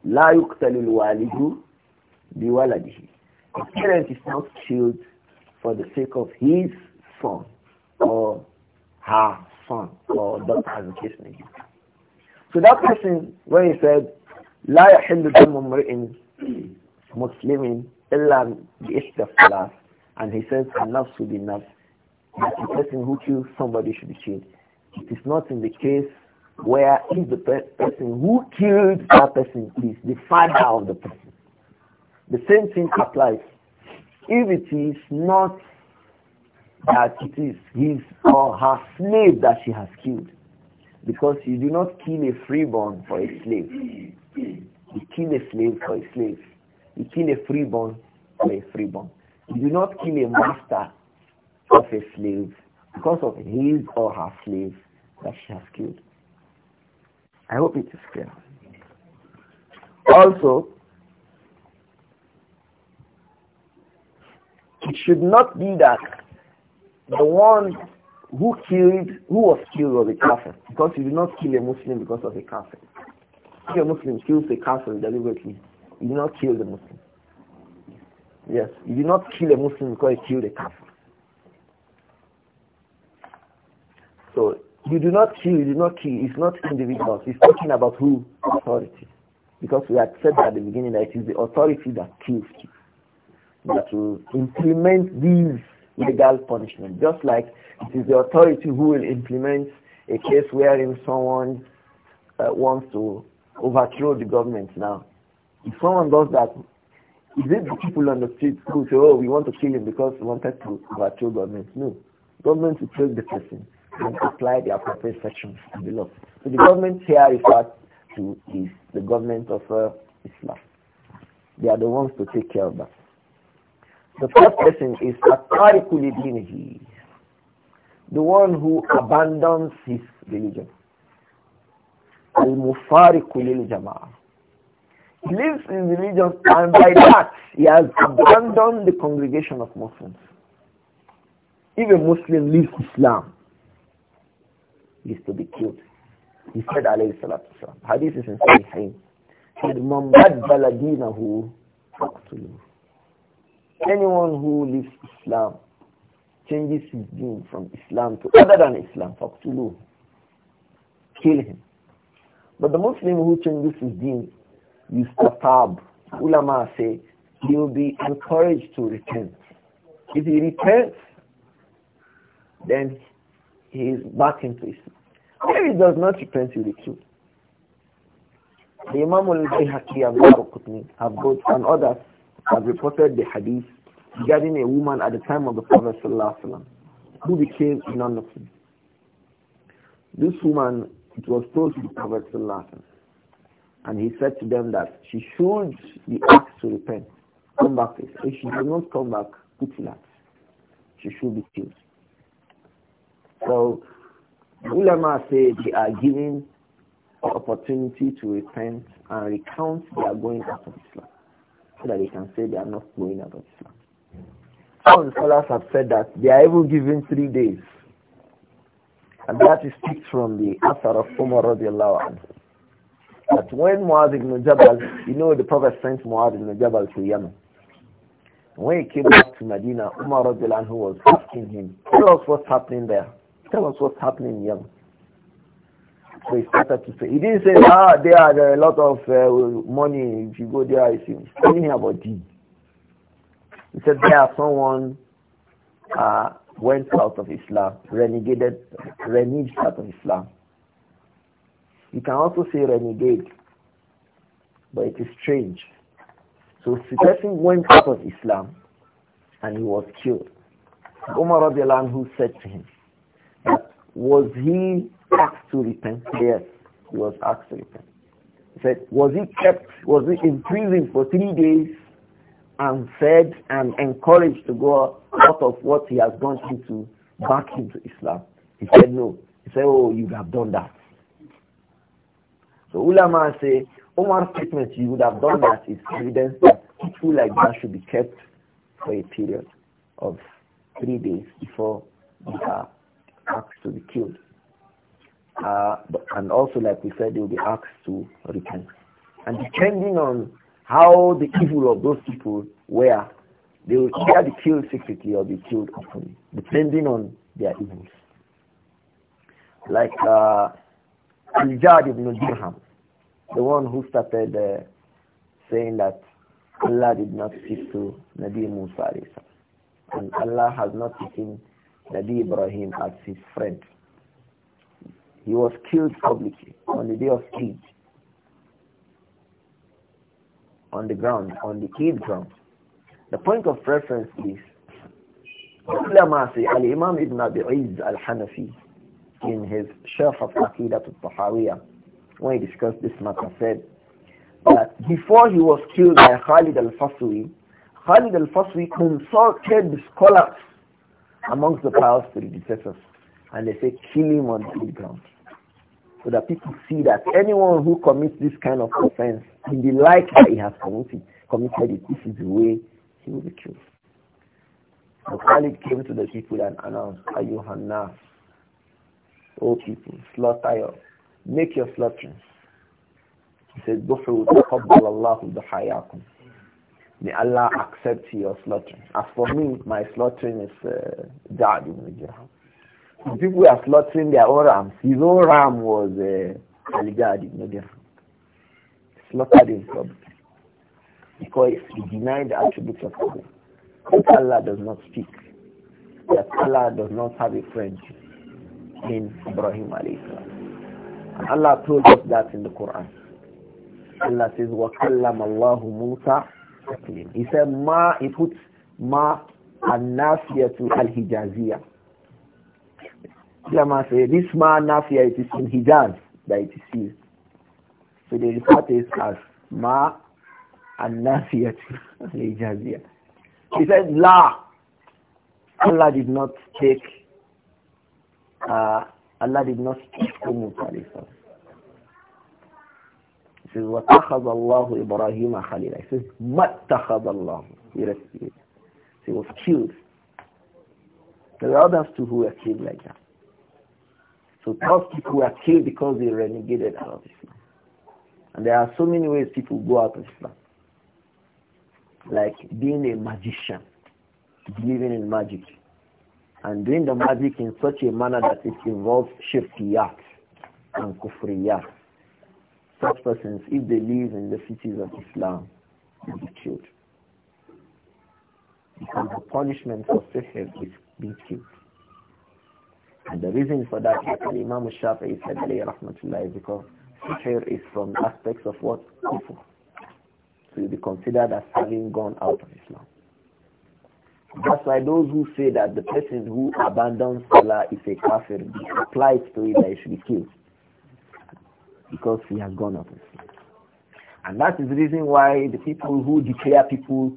لا يقتل الوالد بولده The parent is not killed for the sake of his son or her son or daughter as the case may be. So that person, when he said, لا يحل دم muslimin مسلم إلا بإحدى الثلاث and he says, النفس بالنفس that the person who kills somebody should be killed. It is not in the case where if the person who killed that person is the father of the person. The same thing applies. If it is not that it is his or her slave that she has killed, because you do not kill a freeborn for a slave. You kill a slave for a slave. You kill a freeborn for a freeborn. You do not kill a master of a slave because of his or her slave that she has killed. I hope it is clear. Also, it should not be that the one who killed, who was killed was a kafir, because you do not kill a Muslim because of a kafir. If a Muslim kills a kafir deliberately, you do not kill the Muslim. Yes, you do not kill a Muslim because he killed a kafir. So you do not kill, you do not kill. It's not individuals. It's talking about who? Authority. Because we had said at the beginning that it is the authority that kills people. That will implement these legal punishment. Just like it is the authority who will implement a case wherein someone uh, wants to overthrow the government now. If someone does that, is it the people on the street who say, oh, we want to kill him because we wanted to overthrow government? No. Government will kill the person and apply the appropriate sections of the law. So the government here referred to is the government of uh, Islam. They are the ones to take care of that. The first person is Atarikul Dinihi, the one who abandons his religion. Al-Mufarikul Jama'ah. He lives in religion and by that he has abandoned the congregation of Muslims. If a Muslim leaves Islam, is to be killed. He said, alayhi salatu wasalam, hadith is in Sahihain, said, مَنْ بَدَّلَ دِينَهُ Anyone who leaves Islam, changes his deen from Islam to other than Islam, فَقْتُلُهُ Kill him. But the Muslim who changes his deen, yustatab, ulama say, he will be encouraged to repent. If he repents, then he is back into prison. If he does not repent, to the be The Imam al-Bayhaqi and both and others have reported the hadith regarding a woman at the time of the Prophet who became a non-Muslim. This woman, it was told to the Prophet ﷺ, and he said to them that she should be asked to repent, come back. If she does not come back, put it She should be killed. So ulama say they are given opportunity to repent and recount they are going out of Islam so that they can say they are not going out of Islam. Some scholars have said that they are even given three days. And that is picked from the Asar of Umar radiallahu anhu. That when Muaz ibn Jabal, you know the Prophet sent Muaz ibn Jabal to Yemen. When he came back to Medina, Umar radiallahu anhu was asking him, tell us what's happening there. Tell us what's happening in Yemen. So he started to say, he didn't say, ah, there are a lot of uh, money. If you go there, you see. He's telling him about deen. He said, there are someone uh, went out of Islam, renegated, reneged out of Islam. You can also say renegade, but it is strange. So the person went out of Islam and he was killed. Umar radiallahu who said to him, was he asked to repent? Yes, he was asked to repent. He said, was he kept, was he in prison for three days and fed and encouraged to go out of what he has gone into back into Islam? He said, no. He said, oh, you have done that. So ulama say, Omar's statement, you would have done that, is evidence that people like that should be kept for a period of three days before they are asked to be killed. Uh, and also, like we said, they will be asked to repent. And depending on how the evil of those people were, they will either be killed secretly or be killed openly, depending on their evils. Like uh, Al-Jad ibn Dirham, the one who started uh, saying that Allah did not speak to Nabi Musa and Allah has not taken Nabi Ibrahim as his friend. He was killed publicly on the day of Eid. On the ground, on the Eid ground. The point of reference is ulama say Al-Imam Ibn Abi Izz Al-Hanafi in his Sharh of Aqidat Al-Tahawiyah when he discussed this matter said that before he was killed by Khalid Al-Faswi Khalid Al-Faswi consulted scholars amongst the to the predecessors and they say kill him on the ground so that people see that anyone who commits this kind of offense in the like that he has committed, committed it, this is the way he will be killed. The Khalid came to the people and announced, Ayuhannas, O people, slaughter your, make your slaughterings." He said, Bufu taqabbal Allahu bihayakum. May Allah accept your slaughtering. As for me, my slaughtering is uh, Jad ibn Dirham. People are slaughtering their own rams. His own ram was uh, Al Jad ibn Dirham. Slaughtered Because he denied the attributes of Allah. But Allah does not speak. That Allah does not have a friend in Ibrahim al Islam. Allah told us that in the Quran. Allah says, وَكَلَّمَ اللَّهُ مُوسَى clean. He said ma, he puts ma al to al-hijaziyah. say this ma nafiya, it is in Hijaz that it is used. So they refer to it as ma al to al-hijaziyah. He said la. Allah did not take uh, Allah did not speak to Musa says, وَتَخَذَ اللَّهُ إِبْرَاهِيمَ خَلِيلًا He says, He rescued. He was killed. There are others too who were killed like that. So those people were killed because they renegated out of Islam. And there are so many ways people go out of Islam. Like being a magician, believing in magic, and doing the magic in such a manner that it involves shirkiyat and kufriyat such persons, if they live in the cities of Islam, will be killed. Because the punishment for sihr is being killed. And the reason for that is that Imam Shafi'i said, alayhi rahmatullah, is because sihr is from aspects of what? Kufr. So you'll be considered as having gone out of Islam. That's why those who say that the person who abandons Salah is a kafir, it applies to it that he should be killed because he has gone up in sin. And that is the reason why the people who declare people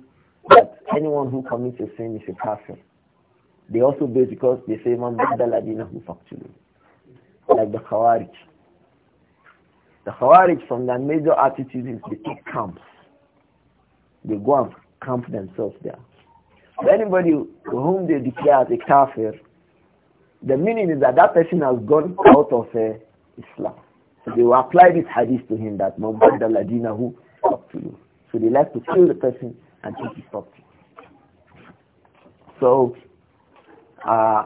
that anyone who commits a sin is a kafir, they also base because they say man who factually, like the Khawarij. The Khawarij from their major attitude is they take camps. They go and camp themselves there. So anybody whom they declare as a kafir, the meaning is that that person has gone out of uh, Islam. So they will apply this hadith to him that Muhammad al-Adina who talked to you. So they like to kill the person and take his property. So uh,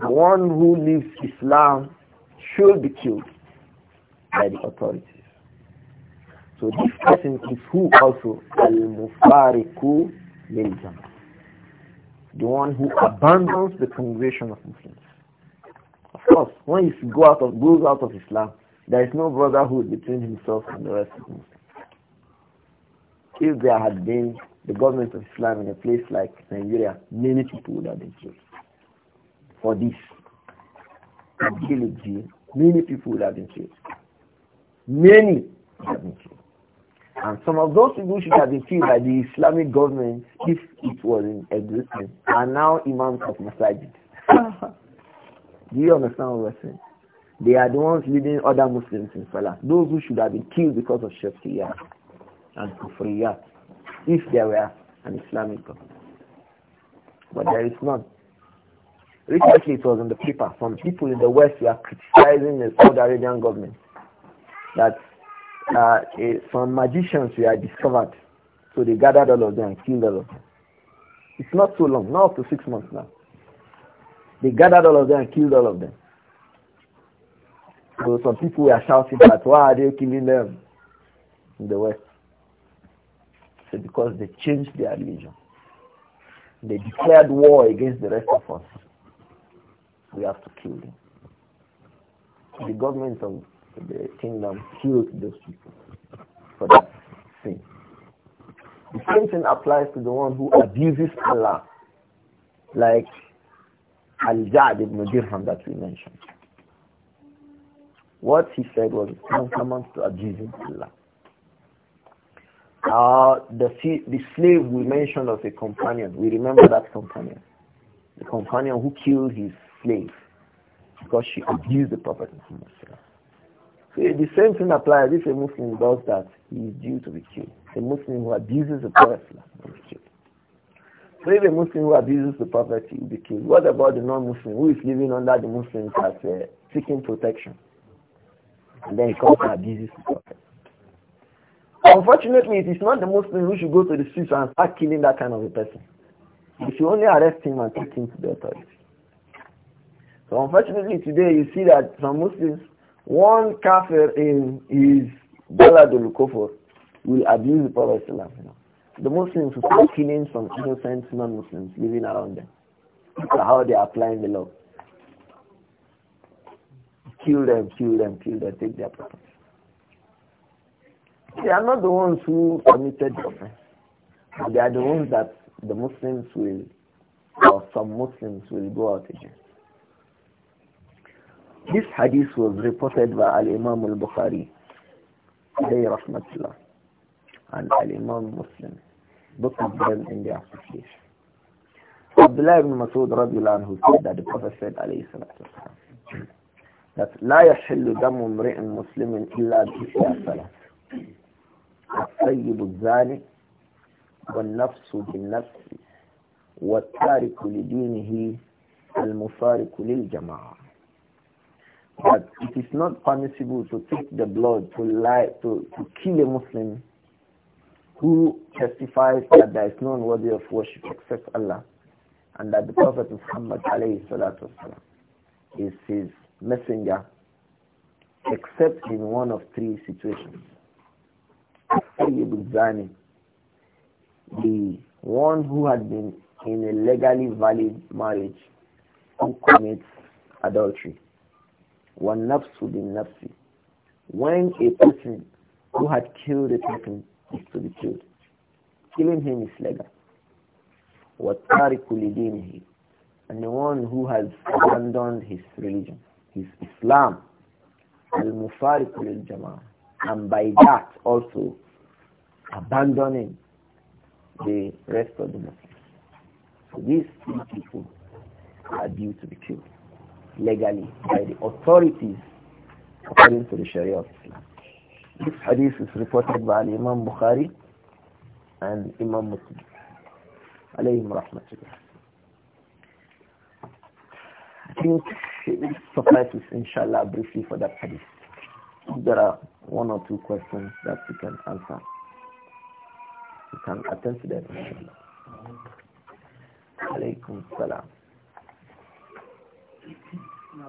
the one who leaves Islam should be killed by the authorities. So this person is who also al-mufariku lil the one who abandons the congregation of Muslims. Of course, when he go out of, goes out of Islam, there is no brotherhood between himself and the rest of Muslims. If there had been the government of Islam in a place like Nigeria, many people would have been killed for this. many people would have been killed. Many have been killed. And some of those people should have been killed by the Islamic government if it was in existence And now imams of masajid. Do you understand what we're saying? They are the ones leading other Muslims in Salah. Those who should have been killed because of Shafiyat and Kufriyat, if there were an Islamic government. But there is none. Recently it was in the paper, some people in the West were criticizing the Saudi Arabian government that uh, uh, some magicians were discovered. So they gathered all of them and killed all of them. It's not so long, not up to six months now. They gathered all of them and killed all of them. So some people were shouting that, why are they killing them in the West? So because they changed their religion. They declared war against the rest of us. We have to kill them. The government of the kingdom killed those people for that sin. The same thing applies to the one who abuses Allah, like Al-Jad ibn Dirham that we mentioned. What he said was tantamount to Jesus Allah. Uh, the, the slave we mentioned as a companion, we remember that companion. The companion who killed his slave because she abused the Prophet Muhammad. So the same thing applies. If a Muslim does that, he is due to be killed. A Muslim who abuses the Prophet will be killed. So if a Muslim who abuses the Prophet, he will be killed. What about the non-Muslim who is living under the Muslims as uh, seeking protection? And then he comes and abuses the Prophet. Unfortunately, it is not the Muslim who should go to the streets and start killing that kind of a person. You should only arrest him and take him to the authorities. So unfortunately today you see that some Muslims, one kafir in his baladul kufr will abuse the Prophet you know. The Muslims will start killing some innocent non-Muslims living around them. That's how they are applying the law kill them, kill them, kill them, take their property. They are not the ones who committed the offense. They are the ones that the Muslims will, or some Muslims will go out against. This hadith was reported by Al-Imam Al-Bukhari, alayhi rahmatullah, and Al-Imam Muslim, both of them in their association. Abdullah ibn Masud said that the Prophet said, alayhi salatu that لا يحل دم امرئ مسلم إلا بإحدى ثلاث الطيب الزاني والنفس بالنفس والتارك لدينه المفارق للجماعة But it is not permissible to take the blood to lie to, to kill a Muslim who testifies that there is no one worthy of worship except Allah and that the Prophet Muhammad alayhi is his messenger except in one of three situations. Zani, the one who had been in a legally valid marriage who commits adultery. One nafsu bin nafsi. When a person who had killed a person is to be killed, killing him is legal. What And the one who has abandoned his religion is Islam, al-mufariq lil jamaa And by that also abandoning the rest of the Muslims. So these three people are due to be killed legally by the authorities according to the Sharia of Islam. This hadith is reported by Imam Bukhari and Imam Muslim. Alayhim rahmatullah. I think it suffices, inshallah, briefly for that hadith. There are one or two questions that we can answer. We can attend to that. inshallah. Alaykum salam. Now, uh,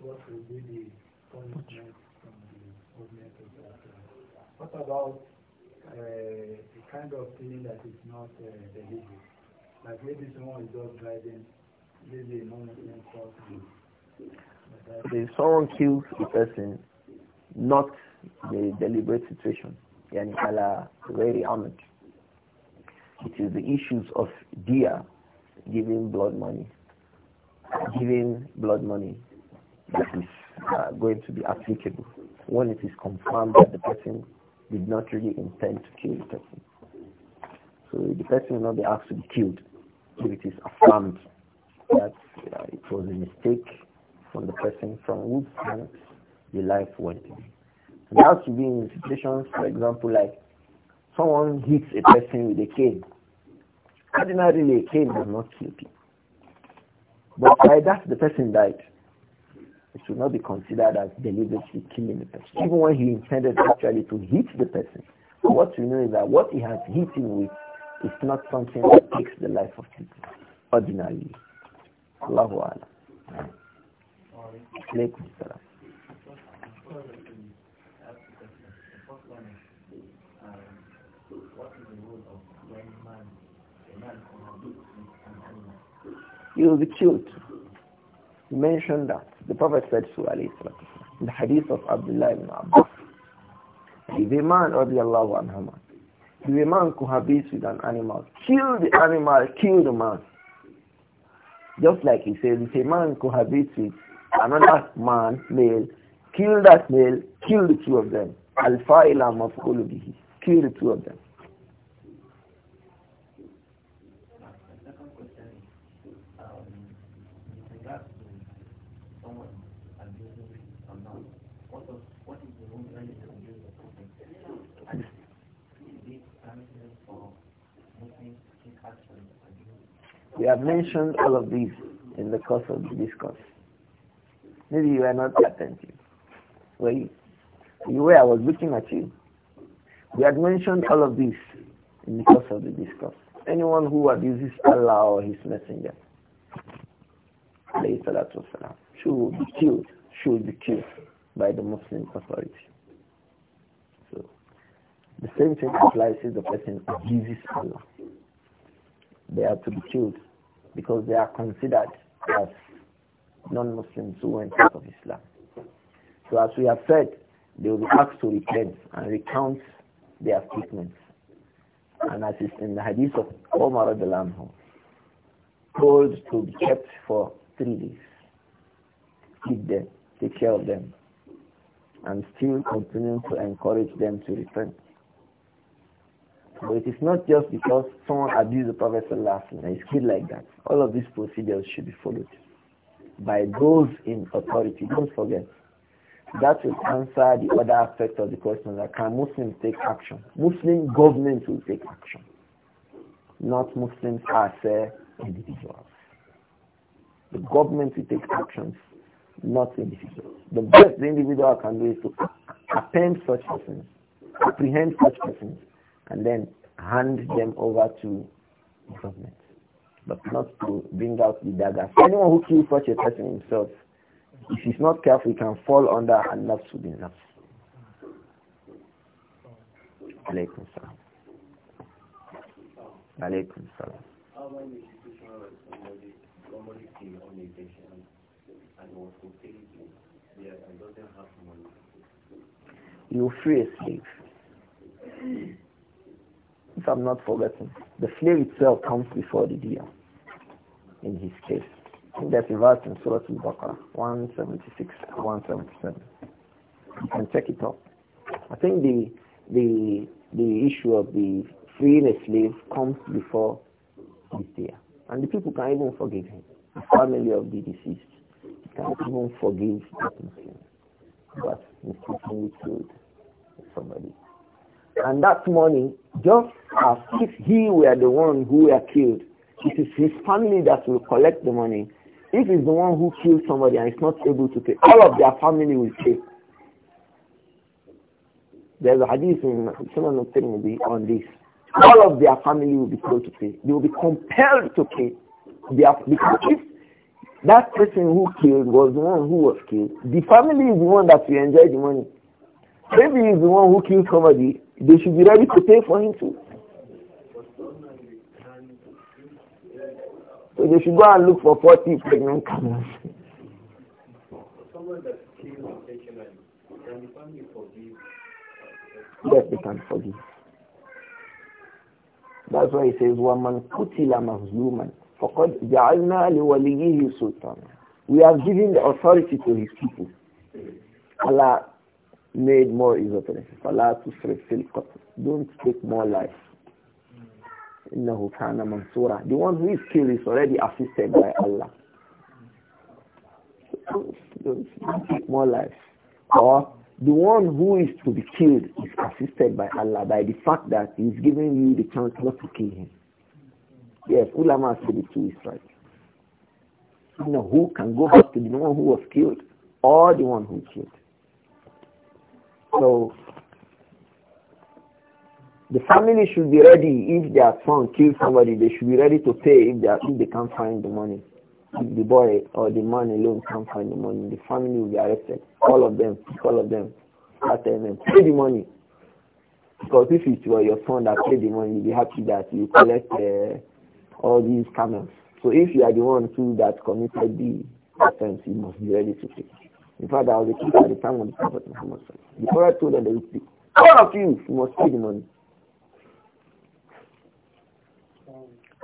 what be the from the What about uh, kind of feeling that it's not uh, deliberate. Like maybe someone is just driving, maybe a moment muslim cross If someone kills a person, not the deliberate situation, yani ala very honored. It is the issues of dia giving blood money, giving blood money that is uh, going to be applicable when it is confirmed that the person did not really intend to kill the person. So the person will not be asked to be killed if it is affirmed that uh, it was a mistake from the person from whose hands the life went. And that to be in situations, for example, like someone hits a person with a cane. Ordinarily, a cane does not kill people. But by that, the person died. It should not be considered as deliberately killing the person, even when he intended actually to hit the person. what we know is that what he has hit him with it's not something that takes the life of people ordinarily. Allahu Alam. Alaykum salam. You'll be killed. He mentioned that. The Prophet said so, alayhi salatu the hadith of Abdullah ibn Abbas. If a man, radiallahu anhu, if a man cohabits with an animal, kill the animal, kill the man. Just like he says, if a man cohabits with another man, male, kill that male, kill the two of them. al Kill the two of them. have mentioned all of these in the course of the discourse. Maybe you are not attentive. Were you? You were, I was looking at you. We had mentioned all of these in the course of the discourse. Anyone who abuses Allah or His Messenger, والسلام, should be killed, should be killed by the Muslim authority. So, the same thing applies if the person abuses Allah. They are to be killed because they are considered as non-Muslims who went out of Islam. So as we have said, they will be asked to repent and recount their statements. And as is in the hadith of Omar Anhu, told to be kept for three days. Feed them, take care of them, and still continue to encourage them to repent. But it is not just because someone abused the Prophet and is killed like that. All of these procedures should be followed by those in authority. Don't forget. That will answer the other aspect of the question that can Muslims take action? Muslim governments will take action, not Muslims as individuals. The government will take actions, not individuals. The best the individual can do is to apprehend such persons, apprehend such persons, and then hand oh. them over to government, but not to bring out the dagger. Anyone who kills such a person himself, if he's not careful, he can fall under and not to be enough. Alaykum salam. Alaykum salam. You free a slave. I'm not forgetting. The slave itself comes before the deer in his case. And that's a in Surah Al-Baqarah 176 177. You can check it out. I think the the the issue of the freeing a slave comes before the deer. And the people can even forgive him. The family of the deceased can even forgive that But mistakenly killed somebody. And that money, just as if he were the one who were killed, it is his family that will collect the money. If it's the one who killed somebody and is not able to pay, all of their family will pay. There's a hadith in someone al-Tirmidhi on this. All of their family will be told to pay. They will be compelled to pay. because if that person who killed was the one who was killed, the family is the one that will enjoy the money. Maybe he's the one who killed somebody they should be ready to pay for him too. So they should go and look for 40 pregnant camels. yes, they can forgive. That's why he says, وَمَنْ the مَظْلُومًا will give لِوَلِيِّهِ Sultan. We have given the authority to his people. Allah made more esoteric. فلا to تُسْرِفْ الْقَتْلِ Don't take more life. إِنَّهُ كَانَ The one who is killed is already assisted by Allah. Don't, don't, take more life. Or the one who is to be killed is assisted by Allah by the fact that he is giving you the chance not to kill him. Yes, ulama said the two is right. You know who can go back to the one who was killed or the one who killed. So the family should be ready if their son kills somebody. They should be ready to pay if they, if they can't find the money. If the boy or the man alone can't find the money, the family will be arrested. All of them, all of them, at them, eh, pay the money. Because if it were your son that paid the money, you'll be happy that you collect uh, all these camels. So if you are the one too that committed the offense, you must be ready to pay. In fact, I was a kid at the time when the Prophet Muhammad The Prophet told them, they all of you must pay the money.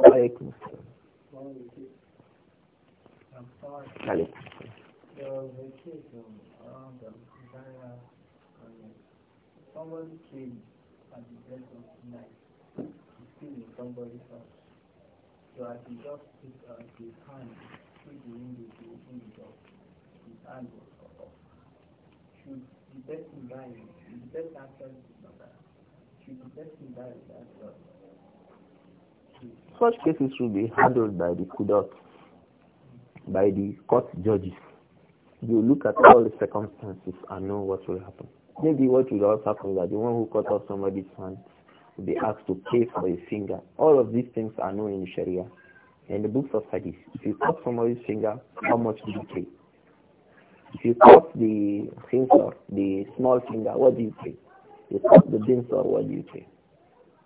Alaykum came at the death of night, in somebody's house. So I can just put uh, his hand through the window to open the door. His hand best in the best Such cases should be handled by the kudos, by the court judges. You look at all the circumstances and know what will happen. Maybe what will also happen is that the one who cut off somebody's hand will be asked to pay for a finger. All of these things are known in Sharia. In the books of Hadith, if you cut somebody's finger, how much do you pay? If you cut the finger, the small finger, what do you think? You cut the dinsor, what do you think?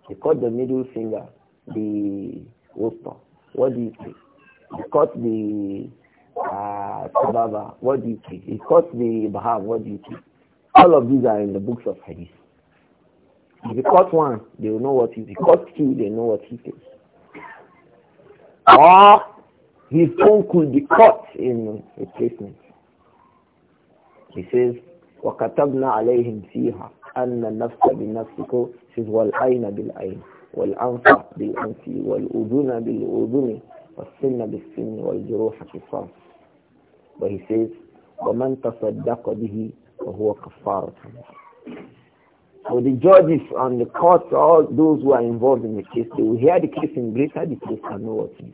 You cut the middle finger, the whisper, what do you think? You cut the uh, what do you think? You cut the baham, what do you think? All of these are in the books of hadith. If you cut one, they will know what he If you cut two, they know what he is. Or his own could be cut in replacement. He says, وَكَتَبْنَا عَلَيْهِمْ فِيهَا أَنَّ النَّفْسَ بِالنَّفْسِ says, وَالْعَيْنَ بِالْعَيْنِ وَالْأَنْفَ بِالْأَنْفِ وَالْأُذُنَ بِالْأُذُنِ وَالسِّنَّ بِالسِّنِّ وَالْجُرُوحَ قِصَاصٌ But he says, وَمَنْ تَصَدَّقَ بِهِ فَهُوَ كَفَّارَةٌ So the judges and the courts, all those who are involved in the case, they will hear the case in greater detail and know what it is.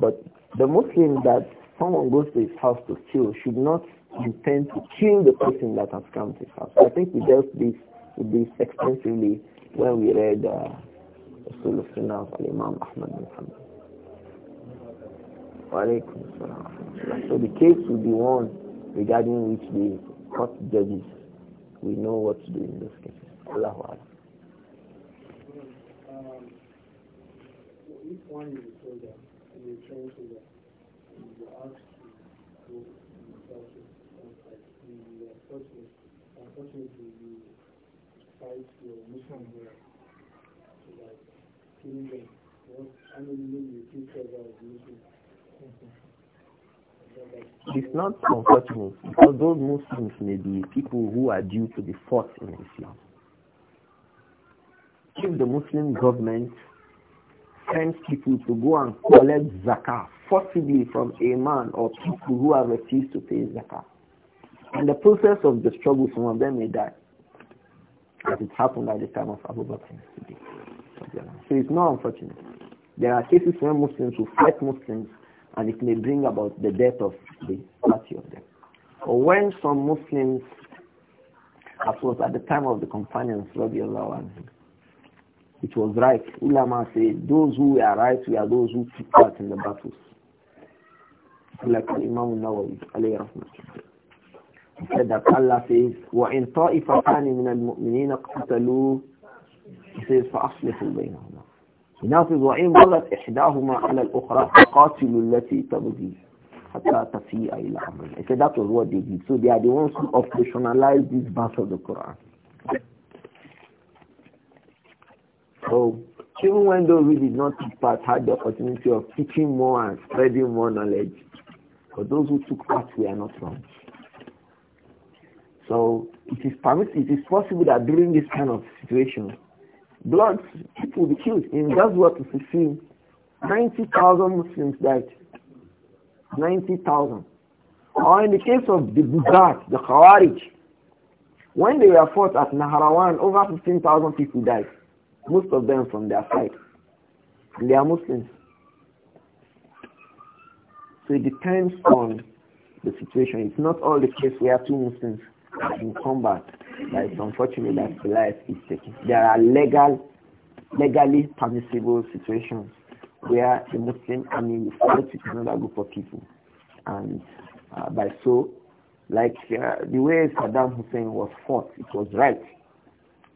But the Muslim that someone goes to his house to steal should not intend to kill the person that has come to his house. I think we dealt this with this extensively when we read uh, surah al of Imam Ahmad bin Hanbal. So the case will be one regarding which the court judges we know what to do in those cases. Allahu If um, one is a soldier and it's not unfortunate because those Muslims may be people who are due to the force in Islam. If the Muslim government sends people to go and collect zakat forcibly from a man or people who have refused to pay zakah. And the process of the struggle, some of them may die. As it happened at the time of Abu Bakr. So it's not unfortunate. There are cases where Muslims will fight Muslims and it may bring about the death of the party of them. Or when some Muslims, as was at the time of the companions, it was right. Ulama said, those who are right, we are those who took part in the battles. like Imam Nawawi, alayhi rahmatullah. said that Allah says, وَإِن طَائِفَتَانِ مِنَ الْمُؤْمِنِينَ اقْتَتَلُوا He says, فَأَصْلِحُوا بَيْنَهُمَا He now says, وَإِن ظَلَتْ إِحْدَاهُمَا عَلَى الْأُخْرَى فَقَاتِلُوا الَّتِي تَبْغِي حَتَّى تَفِيءَ إِلَى أَمْرِ He said, that was what they did. So they are the ones who operationalized this verse of the Quran. So, even when those who did not take part had the opportunity of teaching more and spreading more knowledge, For those who took part were not wrong. So it is it is possible that during this kind of situation, blood, people will be killed. In what we see, 90,000 Muslims died. 90,000. Or in the case of the Buzat, the Khawarij, when they were fought at Naharawan, over 15,000 people died. Most of them from their side. And they are Muslims. So it depends on the situation. It's not all the case where two Muslims in combat that it's unfortunate that the life is taken. There are legal, legally permissible situations where the Muslim army fights with another group of people. And uh, by so, like uh, the way Saddam Hussein was fought, it was right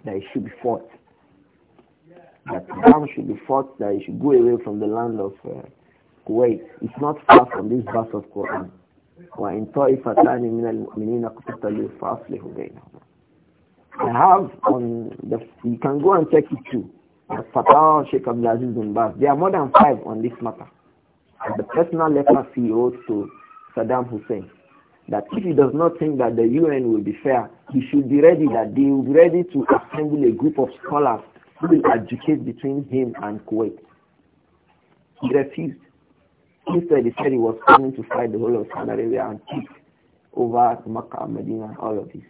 that it should be fought. That Saddam should be fought, that he should go away from the land of uh, Kuwait. It's not far from this verse of Quran. وَإِن طَائِفَتَانِ مِنَ الْمُؤْمِنِينَ اقْتَتَلُوا فَأَصْلِحُوا بَيْنَهُمْ I have on the, you can go and check it too. The Fatah Sheikh Abdulaziz bin Baz. There are more than five on this matter. The personal letter he wrote to Saddam Hussein that if he does not think that the UN will be fair, he should be ready that they will be ready to assemble a group of scholars who will educate between him and Kuwait. He refused. Instead, he said he was coming to fight the whole of Saudi Arabia and take over Makkah, Medina, and all of this.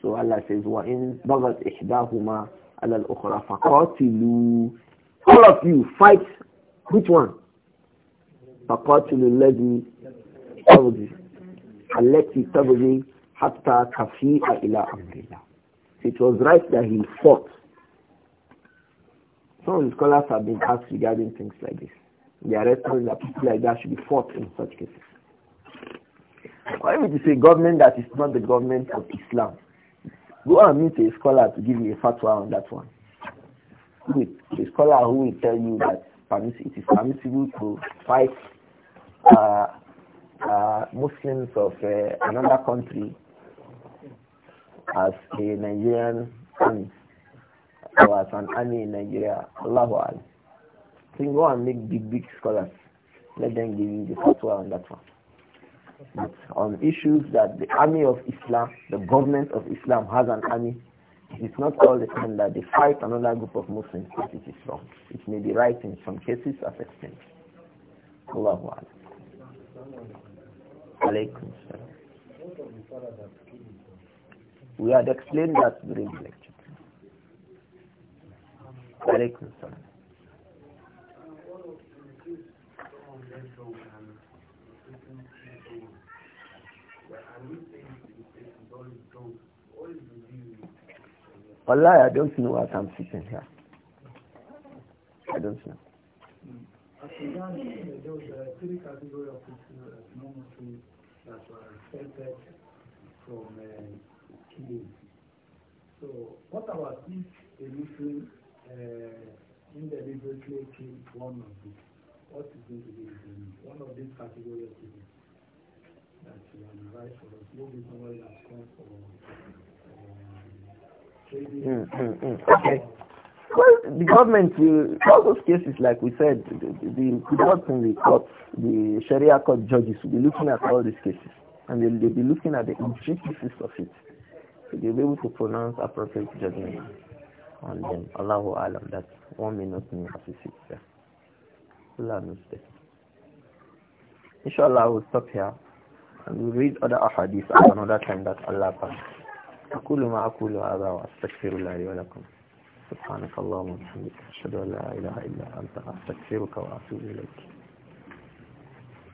So Allah says, وَإِن بَغَتْ إِحْدَاهُمَا عَلَى الْأُخْرَى فَقَاتِلُوا All of you, fight. Which one? فَقَاتِلُوا الَّذِي تَبْغِي الَّتِي تَبْغِي حَتَّى تَفِيءَ إِلَىٰ أَمْرِ اللَّهِ It was right that he fought. Some of scholars have been asked regarding things like this. The are responsible that people like that should be fought in such cases. Why would you say government that is not the government of Islam? Go and meet a scholar to give you a fatwa on that one. With a scholar who will tell you that it is permissible to fight uh, uh, Muslims of uh, another country as a Nigerian army or as an army in Nigeria. Allahu Akbar. So go and make big, big scholars. Let them give you the fatwa on that one. But on issues that the army of Islam, the government of Islam has an army, it's not all the time that they fight another group of Muslims that it is wrong. It may be right in some cases as extent. Allahu Akbar. Alaykum We had explained that during the lecture. Alaykum salam. Wallahi, I don't know what I'm sitting here. I don't know. From uh, killing. So, what about if a Muslim uh, indeliberately killed one of these? What is going to be one of these categories of people that you are right for us? Maybe somebody for Mm, mm, mm. Okay. Well, the government will, all those cases, like we said, the, the, courts and the courts, the Sharia court judges will be looking at all these cases. And they'll, they'll be looking at the intricacies of it. So they'll be able to pronounce appropriate judgment on them. Allahu Alam, that's one minute in Asisi. Yeah. Allah Inshallah, we'll stop here and we'll read other ahadith at another time that Allah permits. أقول ما أقول هذا وأستغفر الله لي ولكم سبحانك اللهم وبحمدك أشهد أن لا إله إلا أنت أستغفرك وأتوب إليك